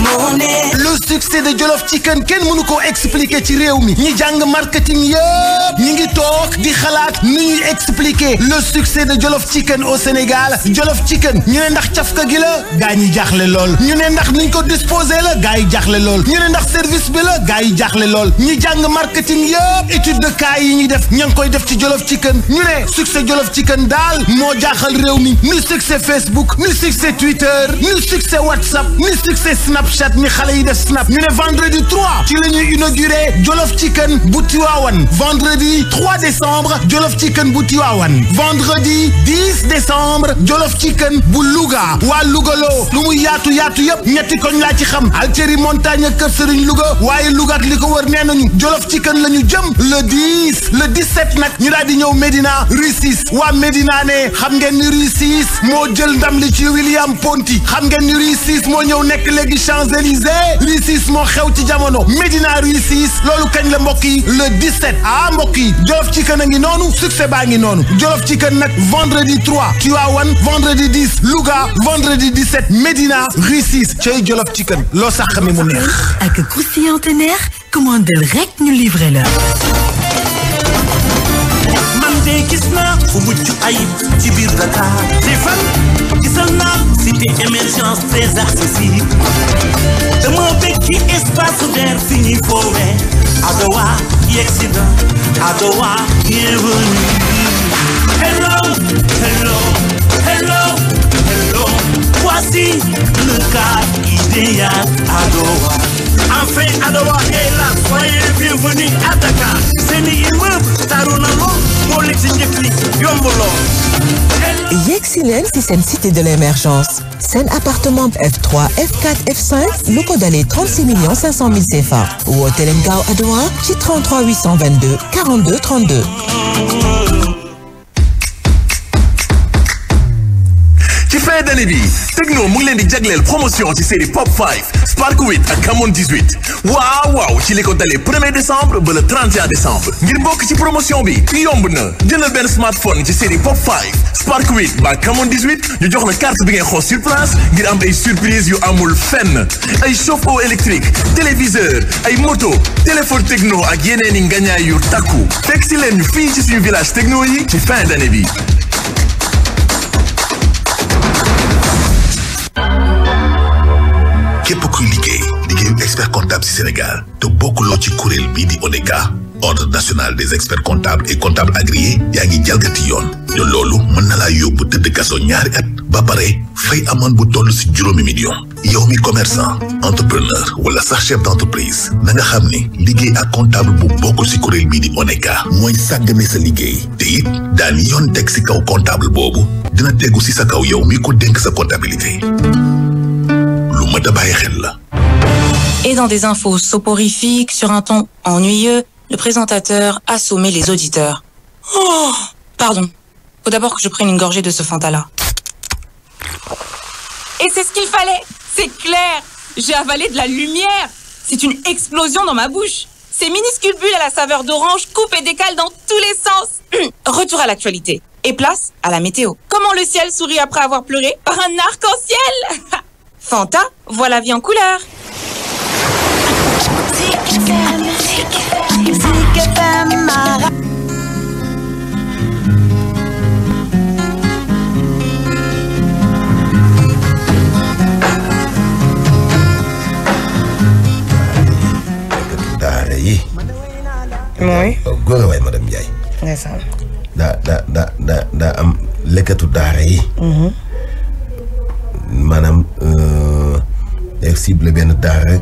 [SPEAKER 8] moo ne. succès de Jollof Chicken kenn mënu koo expliquer ci réew mi ñi jàng marketing yëpp ñi ngi toog di xalaat ni ñuy expliquer le succès de Jollof Chicken au Sénégal jolof Chicken ñu ne ndax cafka gi la gaa ñi jaaxle lool ñu ne ndax niñ ko disposé la gaa yi jaaxle lool ñu ndax service bi la gaa yi jaaxle lool ñi jàng marketing yëpp étude de cas yi ñuy def ña ngi koy def ci Jollof Chicken ñu ne succès Jollof Chicken daal moo jaaxal réew mi ni succès Facebook ni succès Twitter ni succès WhatsApp ni succès Snapchat ni xale yi def Snapchat nap ñu ne vendredi 3 ci la ñuy inauguré Jolof Chicken bu Tiwaawan vendredi 3 décembre Jolof Chicken bu Tiwaawan vendredi 10 décembre Jolof Chicken bu Louga waa Louga loo lu mu yaatu yaatu yëpp ñetti koñ laa ci xam Alceri montagne ak Kër Serigne Louga waaye Louga ak li ko wër nee nañu Jolof Chicken la ñu jëm le 10 le 17 nag ñu daal di ñëw Medina Rue wa waa Medina ne xam ngeen ni Rue moo jël ndam li ci William Ponty xam ngeen ni Rue 6 moo ñëw nekk léegi Champs-Élysées 6 moo xew ci jamono Médina rue 6 loolu kañ la mbokk yi le 17 ah mbokk yi Jolof Chicken a noonu succès baa ngi noonu Jolof Chicken nag vendredi 3 Tivaouane vendredi 10 Louga vendredi 17 Médina rue 6 cey Jolof Chicken loo sax mi mu neex.
[SPEAKER 1] ak croustillant teneer commandel rek ñu livré la. man de gis naa fu mucc ayib ci biir Dakar. gisal naa cité émergence très
[SPEAKER 2] accessible dama bëgg ci espace vert fi ñuy foowee Adowa yi accident Adowa bienvenue hello hello hello hello voici le
[SPEAKER 7] cadre
[SPEAKER 1] idéal Adowa
[SPEAKER 2] enfin Aloha
[SPEAKER 5] est si leen si seen cité de seen appartement F3 F4 F5 lu ko dalee 36 millions 500 mille ci
[SPEAKER 1] 33 822 42 32. fin d'année bi Tecno mu leen di jagleel promotion ci série Pop 5 Spark 8 ak Camon 18 waaw waaw ci li ko dalee 1er décembre ba le 31 décembre ngir bokk ci promotion bi yomb na jëndal benn smartphone ci série Pop 5 Spark 8 ba Camon 18 ñu jox la carte bi ngay xool sur ngir am ay surprise yu amul fenn ay chauffe-eau électrique ay moto téléphone Tecno ak yeneen i ngañaay yu takku teg si leen ñu fii ci suñu village Tecno yi ci fin d'année bi képp kuy liggéey liggéeyu expert comptable ci Sénégal te bokkuloo ci kuréel bii di ONECA ordre national des experts comptables et comptables agréés yaa ngi jalgati yoon te loolu mën na laa yóbbu tëdd kaso ñaari at ba pare fay amoon bu toll ci juróomi million yow mi commerçant entrepreneur wala sax chef d'entreprise na nga xam ne liggéey ak comptable bu bokkul si kuréel bii di ONECA mooy sàggane sa liggéey te it daan yoon teg si kaw comptable boobu dina tegu ci sa kaw yow mi ko dénk sa comptabilité mat a bàyyi
[SPEAKER 3] Et dans des infos soporifiques, sur un ton ennuyeux, le présentateur assommait les auditeurs. Oh Pardon. Faut d'abord que je prenne une gorgée de ce Fanta-là. Et c'est ce qu'il fallait C'est clair J'ai avalé de la lumière C'est une explosion dans ma bouche Ces minuscules à la saveur d'orange coupent et décalent dans tous les sens Retour à l'actualité. Et place à la météo. Comment le ciel sourit après avoir pleuré par un arc-en-ciel Fanta, vois la vie couleur.
[SPEAKER 2] daara yi. madame Ndiaye. ndeysaan. daa daa daa daa daa day cible benn daara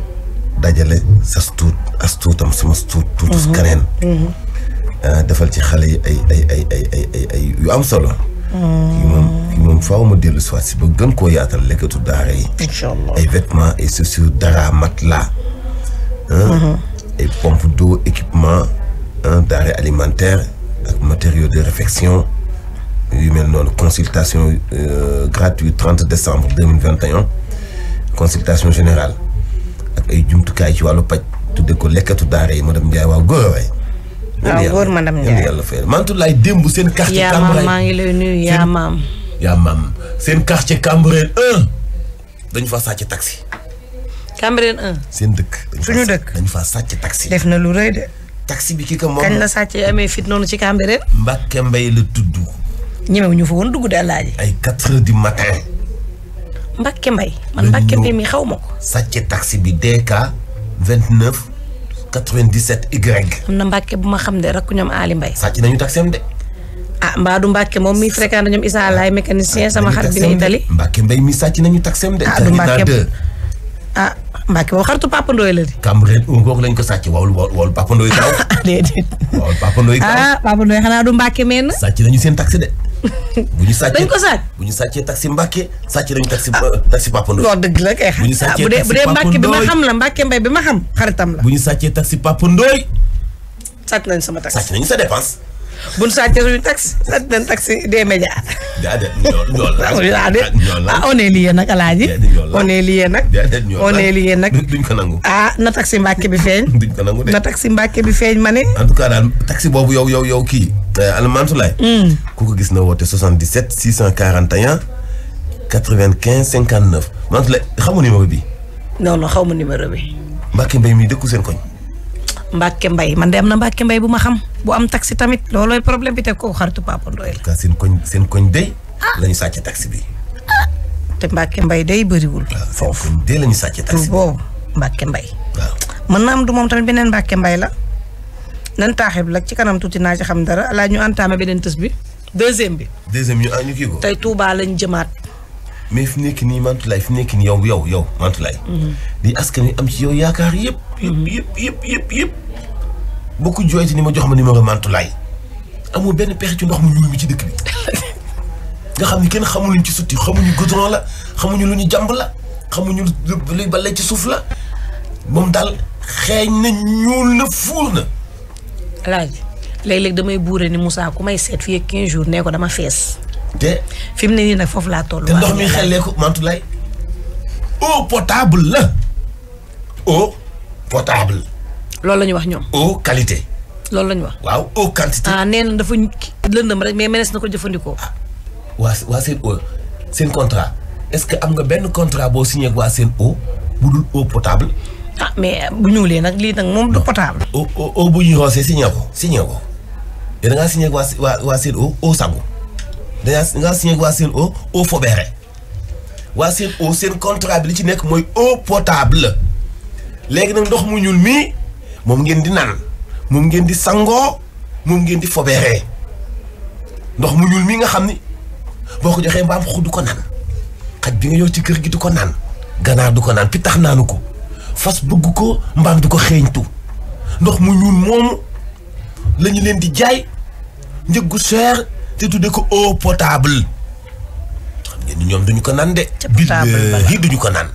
[SPEAKER 2] dajale sas tuut as tuutam sama tuut tuutus mhm. mhm. ah, defal ci xale yi ay ay ay ay ay ay ay yu am solo kii mhm. moom ma dellu soit si ba gën koo yaatal lekkatu daara yi incha ay vêtements ay chaussures dara matelas ah, ay pompe d'eau équipement ah, denrées alimentaire ak matériaux de réfection yu mel noonu consultation euh, gratuite 30 décembre 2021 consultation général ak ay jumtukaay ci wàllu paj tudde ko lekkatu daara yi madame Ndiaye waaw góor waay waaw góor madame Ndiaye yàlla fay seen quartier maa ngi lay nuyu yaa maam yaa seen quartier Cambérène 1 sàcc taksi Cambérène 1 seen dëkk suñu dëkk dañu fa sàcc taxi def na lu rëy de taxi bi ki ka moom kañ la
[SPEAKER 3] sàcc amee fit noonu ci Cambérène
[SPEAKER 2] Mbacke Mbaye la tudd
[SPEAKER 3] ñemewu ñu fa woon dugg de alaaji
[SPEAKER 2] ay quatre heures matin
[SPEAKER 3] Mbacke Mbaye man Mbacke Mbaye mi
[SPEAKER 2] xaw ma ko. sàcc taxi bi DK 29 97 Y.
[SPEAKER 3] am na Mbacke bu ma xam de rakk ñoom Ali Mbaye. sàcc nañu taxi am de. ah Mbadou Mbacke moom mi fréquente ñoom Issa Laye ah, mécanicien sama xarit bi ne Italie.
[SPEAKER 2] Mbacke Mbaye mi sàcc nañu taxi am de. ah du Mbacke
[SPEAKER 3] ah Mbacke boobu xaritu Papa Ndoye la di.
[SPEAKER 2] Cambérène ngoog ko sàcc wawul wawul Papa Ndoye Kaaw. Ah, déedéet wawul Papa Ndoye Kaaw. ah
[SPEAKER 3] Papa Ndoye xanaa du Mbacke meen.
[SPEAKER 2] sàcc nañu seen taxi de. bu ñu sàccee dañ ko sàcc bu ñu sàccee taxi Mbàkke sàcc nañu taxi euh, taxi Papa Ndoy. loolu dëgg la kay bu ñu ah, sàccee taxi bu dee Mbàkke bi ma xam
[SPEAKER 3] la Mbàkke mbay bi ma xam xaritam la.
[SPEAKER 2] bu ñu sàccee taxi Papa Ndoy.
[SPEAKER 3] sàcc nañ sama taxi sàcc nañu sa dépense. bu ñu sàccee suñu taxi sàcc nañ taxi des médias.
[SPEAKER 2] jaajëf ñool ñool ah
[SPEAKER 3] on est lié nag alaaji. on est nag. on est nag. duñ ko nangu. ah na taxi Mbàkke bi feeñ.
[SPEAKER 2] duñ ko nangu de na
[SPEAKER 3] taxi Mbàkke bi feeñ ma ne.
[SPEAKER 2] en tout cas boobu yow yow yow kii Euh, Almantulaay. Hmm. ku ko gis na woote 77 641 95 59 Mantulaay xamu numéro bi. non non xaw ma numéro bi. Mbacke Mbaye mii dëkku seen koñ.
[SPEAKER 3] Mbacke Mbaye man de am na Mbacke Mbaye bu ma xam bu am taxi tamit loolooy problème bi teg ko xaritu Papa Ndoye
[SPEAKER 2] la. seen ah! la ñu sàcce taxi bi. Ah!
[SPEAKER 3] te Mbacke Mbaye day bëriwul.
[SPEAKER 2] foofu seen koñ dey la ñu sàcce
[SPEAKER 3] taxi bi. boobu Mbacke Mbaye. waaw mën naa am du moom tamit beneen Mbacke Mbaye la. nan taaxib lak ci kanam tuuti naa ci xam dara alaa ñu entamé beneen tës bi deuxième bi.
[SPEAKER 2] deuxième ñu ah, ñu kii ko. tey
[SPEAKER 3] Touba lañ jëmaat.
[SPEAKER 2] mais fi nekk nii mantulaay fi nekk nii yow yow yow Mantoulaye. Mhm. di askan wi am ci yow yaakaar yëpp. yëpp mhm. yëpp yëpp yëpp. boo ko jooyte ni ma jox ma ni numéro mantulaay amul benn pexe ci ndox mu ñuul mi ci dëkk bi. nga xam ni kenn xamuñu ci sutti xamuñu goudron la xamuñu lu ñu jàmb la xamuñu luy bale ci suuf la moom daal xeeñ na ñuul na fuur na.
[SPEAKER 3] alaaji léeg-léeg damay buure ni Moussa ku may seet fii ak 15 jours nee ko dama fees. te fi mu ne nii nag foofu laa toll. te ndox mi xellee
[SPEAKER 2] ko Mantoulaye. eau potable la. eau potable. loolu la ñu wax ñoom. eau qualité. loolu lañu wax. waaw eau quantité.
[SPEAKER 3] ah nee na dafa lëndëm rek mais mënees na ko jëfandikoo.
[SPEAKER 2] ah waa waa seen eau seen contrat est-ce que am nga benn contrat boo signé ak waa seen eau bu dul eau potable.
[SPEAKER 3] Ah, mais bu ñuulee nag lii nag moom du potable.
[SPEAKER 2] o o o bu ñu roosee signé ko signé ko yow da ngaa signé waa waa waa o o Sagu da ngaa signé waa Sine o o Fobéré waa Sine o seen contrat bi li ci nekk mooy eau potable léegi nag ndox mu ñuul mii moom ngeen di nan moom ngeen di sangoo moom ngeen di fobeere ndox mu ñuul mii nga xam ni boo ko joxee mbaam xuux du ko naan xaj bi nga yor ci kër gi du ko naan ganaar du ko naan pittax naanu ko. fas bëgg ko mbaam du ko xeeñtu ndox mu ñuul moomu lañu leen di jaay njëg gu cher te tudde ko eau potable xam ngeen ni ñoom duñu ko naan de billaahi duñu ko naan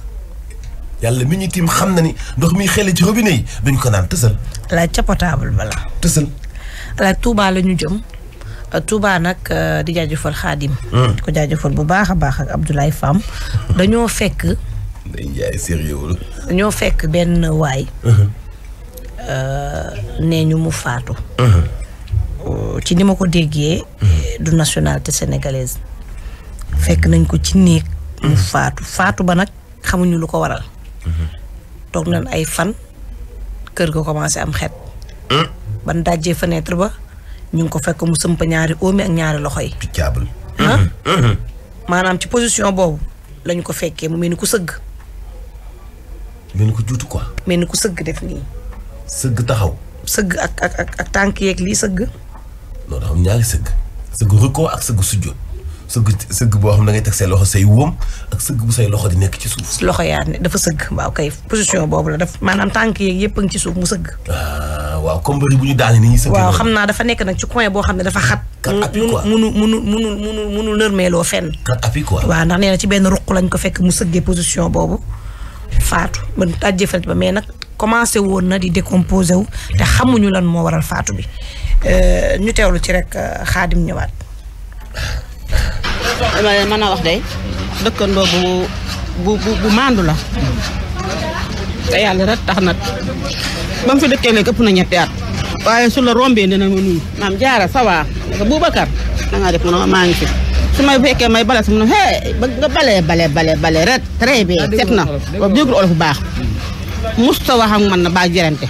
[SPEAKER 2] yàlla mi ñu tiim xam na ni ndox mi xele ci robinet yi duñu ko naan tësal la ca potable bala tësal
[SPEAKER 3] la Touba la ñu jëm Touba nag euh, di jaajëfal Xaadim hmm. di ko jaajëfal bu baax a baax ak Abdoulaye Fam dañoo fekk day ñoo fekk benn waay. Uh-huh. Euh, nee ñu mu faatu. Uh-huh. Euh, ci ni ma ko déggee. Uh-huh. du nationalité sénégalaise. fekk nañ ko ci néeg. mu faatu faatu ba nag xamuñu lu ko waral. toog nañ ay fan kër ga commencé am xet. ban dajjee fenêtre ba ñu ngi ko fekk mu sëmp ñaari óomi ak ñaari loxo yi. Ah? maanaam ci position boobu lañ ko fekkee mu mel ni ku sëgg.
[SPEAKER 2] mel ni ko juutu quoi.
[SPEAKER 3] mel ni ku sëgg def nii.
[SPEAKER 2] sëgg taxaw. sëgg ak ak ak ak tànk yeeg lii sëgg. non dafa sëgg. sëgg rukkoo ak sëgg sujjoot sëgg sëgg boo xam ne da ngay teg loxo say wóom sëgg bu say loxo di nekk ci suuf. loxo yaa dafa sëgg
[SPEAKER 3] waaw kay position boobu la daf maanaam tànk yeeg yëpp ci suuf mu sëgg.
[SPEAKER 2] Ah, waaw comme bu ñu daane ni ñuy sëgg. waaw xam
[SPEAKER 3] naa dafa nekk nag ci coin boo xam ne dafa xat. kat appui quoi munu munu munu munu munu nërmeeloo fenn.
[SPEAKER 2] kat appui quoi. waaw
[SPEAKER 3] ndax nee na ci benn ruq lañ ko fekk mu sëggee position boobu. faatu ba tàjjee farit ba mais nag commencé woon na di décomposé wu te xamuñu lan moo waral faatu bi euh, ñu teewlu ci rek euh, xaadim ñëwaat.
[SPEAKER 5] ma mën a wax de dëkkandoo bu bu bu maandu la. te yàlla rek tax nag ba mu fi dëkkee léegi na ñetti at. waaye su la rombee dina ma nuyu. maam jaara ça va. Boubacar da ngaa def ma maa ngi fi. su may fekkee may bale su mu ne ba nga bale bale bale bale rek très ah, set na boobu déggul olof baax musta wax ak man na baa jërante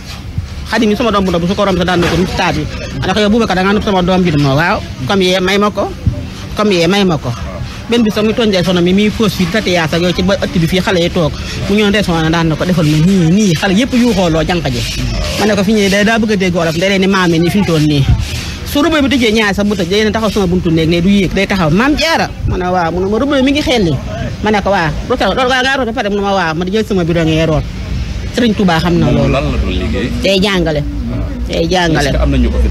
[SPEAKER 5] xadim yi sama doom bu ndaw bu su ko romb sa daan na ko musta bi ndax yow Boubacar sama doom bi dama waaw may ma ko comme yee may ma ko benn bi sax muy tonjee sono mi muy pause fii tati yaa sax yooyu ci ba ëtt bi fii xale yi toog mu ñëw ndeesoo na daan na ko defal ma nii nii xale yëpp yuuxooloo jànq ji ma ne ko fi ñëwee daa bëgg a dégg olof day leen ni maame ni fi nii su robinet bi tëjee ñaari sax mu tëj day taxaw ma ne waaw mu ne ma robinet mi ngi xelli ma ne ko waaw rotal loolu ngaa root ba pare mu ne xam na loolu lan
[SPEAKER 6] la doon liggéey day
[SPEAKER 5] jàngale day jàngale am
[SPEAKER 6] na ko fi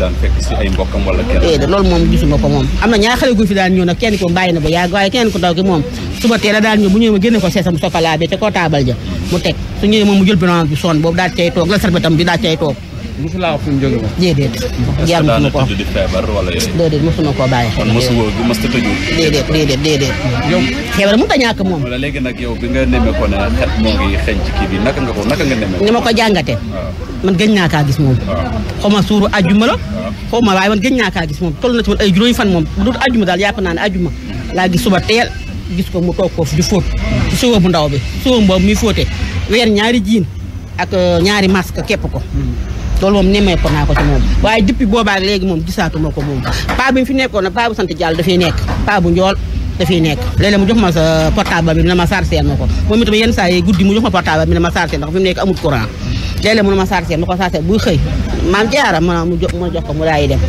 [SPEAKER 6] daan
[SPEAKER 5] na ñaar xale gu fi daan ñëw nag kenn ko bàyyi na ba a daan ñëw te koo taabal ja mu teg su ñëwee moom mu jël bidon bi son boobu daal cay toog la sarbetam bi daal cay toog mosulaa wax fu mu jógee moom. déedéet
[SPEAKER 6] jaar koo tëdd di feebar wala yooyu.
[SPEAKER 5] déedéet mosuma koo a
[SPEAKER 6] tëju.
[SPEAKER 5] déedéet déedéet déedéet. yow feebar mënut a ñàkk moom.
[SPEAKER 6] wala léegi nag moo ngi kii bi naka nga ko naka nga nemmee. ni
[SPEAKER 5] ma ko jàngatee. man gëj naa kaa gis moom. xaw ma suuru ajjuma la. xaw ma waaye man gëj naa kaa gis moom toll na ci man ay juróomi fan moom lu ajjuma daal yàpp naa ne ajjuma laa gis suba teel gis ko mu toog foofu di fóot ci suba bu ndaw bi suba boobu fóote weer ñaari jiin ak euh, ñaari mask képp ko hmm. loolu moom nemmeeku naa ko ci moom waaye depuis boobaak léegi moom saatuma ko moom paa bi fi nekkoon nag paa bu sant Jàll dafay nekk paa bu njool dafay nekk léeg mu jox ma sa portable bi na ma chargé ma ko moom itam yenn saa guddi mu jox ma portable bi na ma chargé ndax fi mu nekk amul courant léeg mu ne ma chargé ma ko chargé buy xëy maam jaara ma mu jox ma jox ko mu daay dem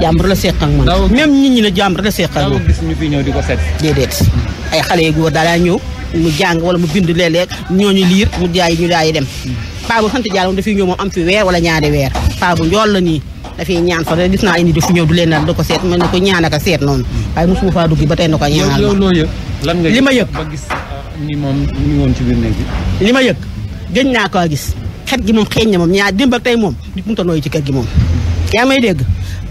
[SPEAKER 5] jàmbur la seq ak man même nit ñi la jàmbur la seq ak ñu fi ñëw di ko seet déedéet ay xale yu góor daal ñëw mu jàng wala mu bind léeg-léeg ñooñu liir mu jaay ñu daay dem paa bu sant yàlla moom dafiy ñëw moom am fi weer wala ñaari weer paa bu njool la nii dafay ñaan fa gis naa indi di dafa ñëw du leen daal da ko seet na ko ñaan seet noonu waaye mosuma faa dugg ba tey na ko ñaanal yow loo yëg li ma yëg gis ah, ni moom ñu ngi li ma yëg gëj naa koo gis xet gi moom xeeñ na moom ñaar démb ak tey moom nit mu ta nooyu kër gi moom yaa may dégg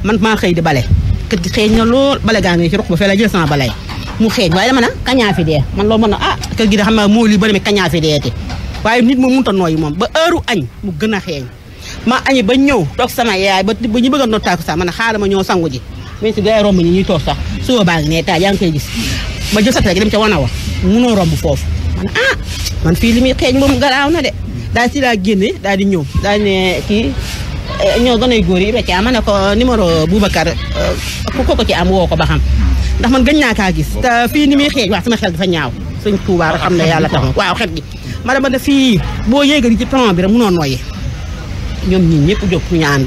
[SPEAKER 5] man maa xëy di bale kër gi xeeñ na lool bale gaa ngi ci ruq ba fee la jël sama balay mu xeeñ waaye dama na kañaa fi dee man loolu mën na ah kër gi da xam naa moo lii ba demee kañaa fi deeti waaye nit moom mënut a nooyi moom ba heure añ mu gën a xeeñ ma añi ba ñëw toog sama yaay ba ba ñu bëgg a noo taaku sax ma ne xaaral ma ñëw sangu ji mais si gars romb ñi ñuy toog sax suba baa ngi ne taa yaa ngi koy gis ma jël sa rek dem wan a wax munoo romb foofu man ah man fii li muy xeeñ moom garaaw na de daal si laa génne daal di ñëw daal di ne kii eh, ñoo gën a góor yi Ibrahima ma ne ko numéro Boubacar eh, ku ko ko ci am woo ko ba xam ndax man gañ naa kaa gis. te fii ni muy xeeñ waaw sama xel dafa ñaaw suñ tuubaar xam ne yàlla tax man ma dama ne fii boo yéegal ci plan bi rek munoo noyyi ñoom ñii ñëpp jóg ñu ànd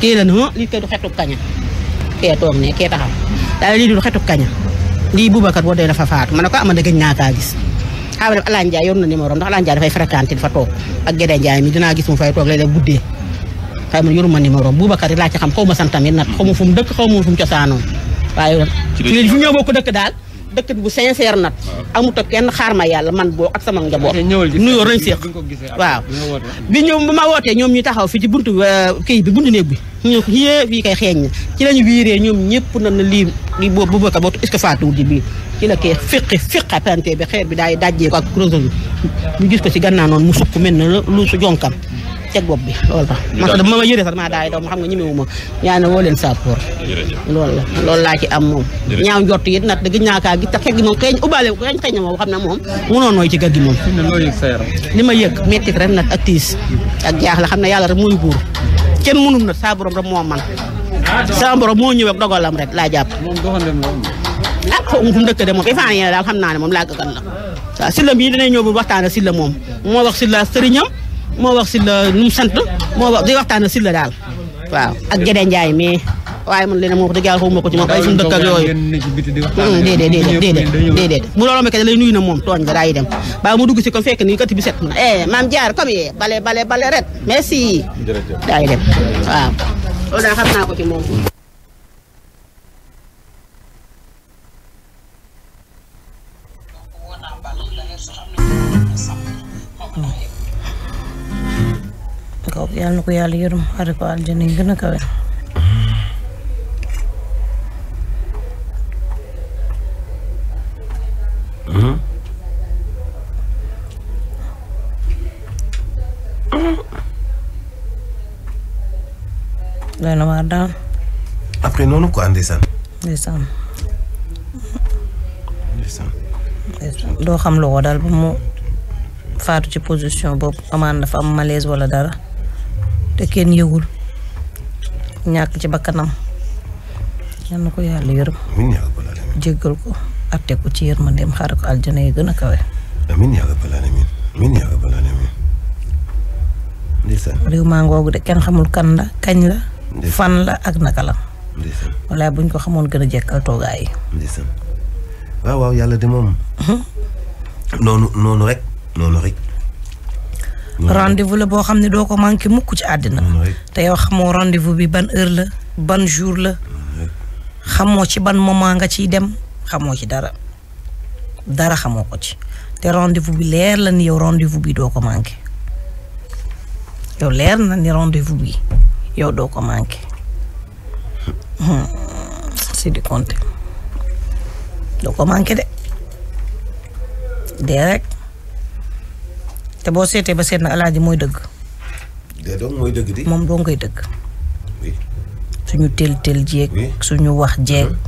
[SPEAKER 5] kii la ne ah, lii kay du xetu kaña kee toog ne kee taxaw daal lii du xetu kaña lii Boubacar boo dee dafa faatu ma ne ko am ah, na gëj naa kaa gis. xaaral ah, ma dem Alane Ndiaye yor na numéro ndax Alane Ndiaye dafay fréquenté dafa toog ak Gédé Ndiaye mi dinaa gis mu fay toog léeg-léeg guddee xëy na yoruma numéro Boubacar yi laa ci xam xaw ma santam it nag xaw ma dëkk xaw ma fu mu cosaanoo waaye. ci li ñu dëkk daal dëkkat bu sincère nag amut ak kenn xaar ma yàlla man boo ak sama njaboot nuyoo nañ seeq waaw bi ñëw ba ma wootee ñoom ñu taxaw fi ci buntu euh, kii bi buntu néeg bi ñu ko yée fii koy xeeñ na ci lañu wiiree ñoom ñëpp na na lii lii boobu bu bëkka bootu est-ce que faatuwul di bii ci la kee fiqi fiqa pante bi xeer bi daay dajjee ko ak ko ci gannaa noon mu sukk mel na lu su jonkam teg bopp bi loolu tax man sax ma yëre sax damaa daay daw ma xam nga ñemewu ma yaa ne woo leen sappoor loolu la loolu laa ci am moom ñaaw njort yi nag dëgg ñaakaa gi te xeg gi moom xeeñ ubbaale ko xeeñ xeeñ na moom xam ne moom mënoo nooy ci gër moom li ma yëg mettit rek nag ak tiis ak jaax xam ne yàlla rek mooy buur kenn mënum nag saa borom rek moo man saa borom moo ñëw ak dogalam rek laa jàpp ah xaw ma fu dëkk de moom ifaan yéen daal xam naa ne moom làggkat la waaw Sylla bii dinañ ñëw bu waxtaan ak Sylla moom moo wax Sylla sëriñam moo wax Sylla nu mu sant moo wax di waxtaan ak Sylla daal waaw ak Gédé Ndiaye mais waaye man léegi moom wax dëgg yàlla ko ci moom ay suñu dëkk ak yooyu
[SPEAKER 7] hmm, déedéet déedéet déedéet
[SPEAKER 5] mu loolu mekke da lay na moom tooñ nga daay dem ba mu dugg si ko fekk ni kati bi set eh, maam jaar comme yee bale bale bale ret daay dem waaw
[SPEAKER 3] yàlla na ko yàlla yërëm xare ko yi gën a kawe doy na waar daal
[SPEAKER 2] après noonu quoi ndeysaan
[SPEAKER 3] doo xam lu ko daal mu faatu ci position boobu amaan dafa am malaise wala dara te kenn yëgul ñàkk ci bakkanam yal na ko yàlla yërëm jéggal ko atte ko ci yërmandeem xaaral ko aljana yi gën a kawe amiin yaa réew maa ngoogu de kenn xamul kan la kañ la
[SPEAKER 2] fan la ak naka la
[SPEAKER 3] walaay buñ ko xamoon gën a jekkal toogaay yi
[SPEAKER 2] ndeysaan waaw waaw yàlla de moom noonu noonu rek
[SPEAKER 3] rendez-vous la boo xam ne doo ko manqué mukk ci àddina te yow xamoo rendez-vous bi ban heure la ban jour la xamoo ci ban moment nga ciy dem xamoo ci dara dara xamoo ko ci te rendez-vous bi leer la ni yow rendez bi doo ko manqué yow leer na ni rendez-vous bi yow doo ko manqué hmm. Sidi Konté ko manqué de dee te boo seetee ba seet na alaaji mooy dëgg.
[SPEAKER 2] de doom mooy dëgg di. moom doo ngay dëgg.
[SPEAKER 3] suñu tel tel jeeg. suñu wax jeeg. Mm-hmm.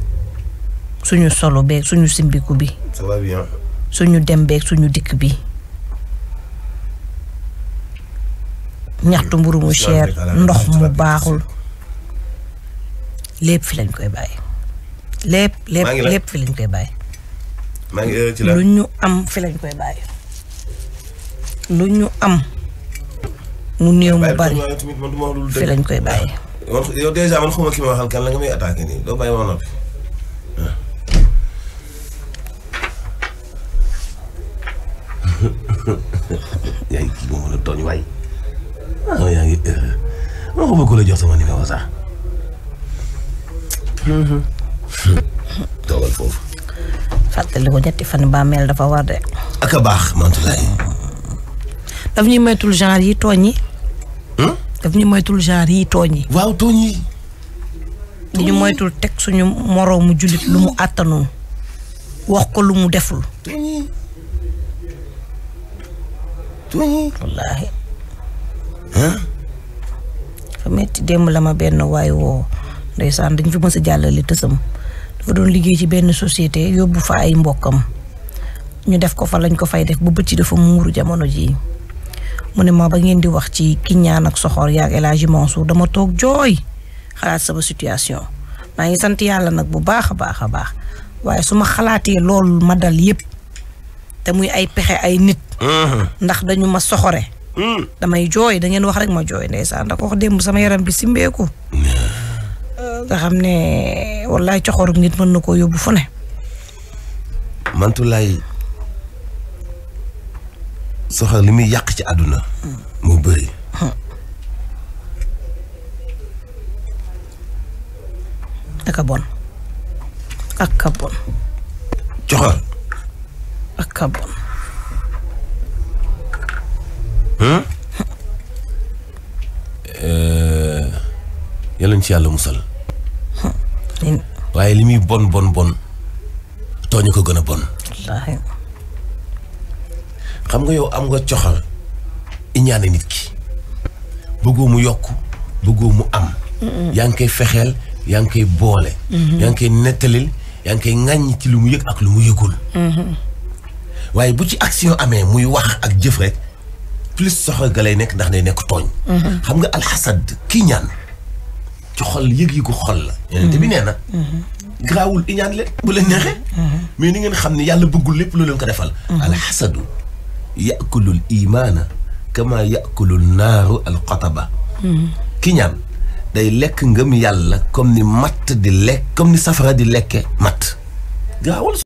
[SPEAKER 3] suñu solo beeg suñu simbiku bi. ça va bien. suñu dem beeg suñu dikk bi. ñaxtu mburu mu cher ndox mu baaxul. lépp fi lañ koy bàyyi. lépp lépp lañ koy bàyyi.
[SPEAKER 2] maa ngi euh, lu ñu
[SPEAKER 3] am fi lañ koy bàyyi. lu ñu am mu néew mu bari
[SPEAKER 2] fi lañ koy bàyyi. Ah. yow dèjà man xuma ki ma waxal kan la nga may attaqué nii doo bàyyi ma ah. ah, euh, jox sama mhm.
[SPEAKER 3] ko ñetti fan bàmmeel dafa war de.
[SPEAKER 2] ak a baax Mantoulaye. Mm.
[SPEAKER 3] daf ñuy moytul genre yi tooñ yi. daf moytul genre yi tooñ yi. waaw tooñ moytul teg suñu moroomu jullit lu mu àttanoon wax ko lu mu deful. tooñ yi tooñ yi. fa metti démb la ma benn waay woo ndeysaan dañ fi mës a jàllale tësam dafa doon liggéey ci benn société yóbbu fa ay mbokkam ñu def ko fa lañ ko fay def ba bëcc dafa muuru jamono jii. mu ne ma ba ngeen di wax ci ki ñaan ak soxor yaak El Hadji dama toog jooy xalaat sama situation maa ngi sant yàlla nag bu baax a baax a baax waaye su ma xalaatee lool ma dal yépp te muy ay pexe ay nit. ndax dañu ma soxore. damay jooy da ngeen wax rek ma jooy ndeysaan da ko wax démb sama yaram bi simbeeku. nga xam ne wallaay coxorug nit mën na ko yóbbu fu ne.
[SPEAKER 2] Mantoulaye soxor li muy yàq ci àdduna moo bëri
[SPEAKER 3] ak a bon ak a bon coxor ak a bon
[SPEAKER 2] eh, yàlla ci yàlla musal waaye li muy bon bon bon tooñu ko gën a bon xam nga yow am nga coxal iñaane nit ki bëggoo mu yokk bëggoo mu am yaa ngi koy fexeel yaa boole mm-hmm. yaa ngi koy nettalil yaa ŋàññ ci lu mu yëg ak lu mu yëgul mm-hmm. waaye bu ci action amee muy wax ak jëf rek plus soxla ga lay nekk ndax day nekk tooñ mm-hmm. xam nga alxasad ki ñaan ci xol yëg-yëgu xol la yenente bi nee na garaawul iñaan leen bu leen neexee mais ni ngeen xam ne yàlla bëggul lépp lu leen ko defal alxasadu yakulul imaana kama yakulul naaru alxataba hmm. kiñaan day lekk ngëm yàlla comme ni matt di lekk comme ni safara di lekke matt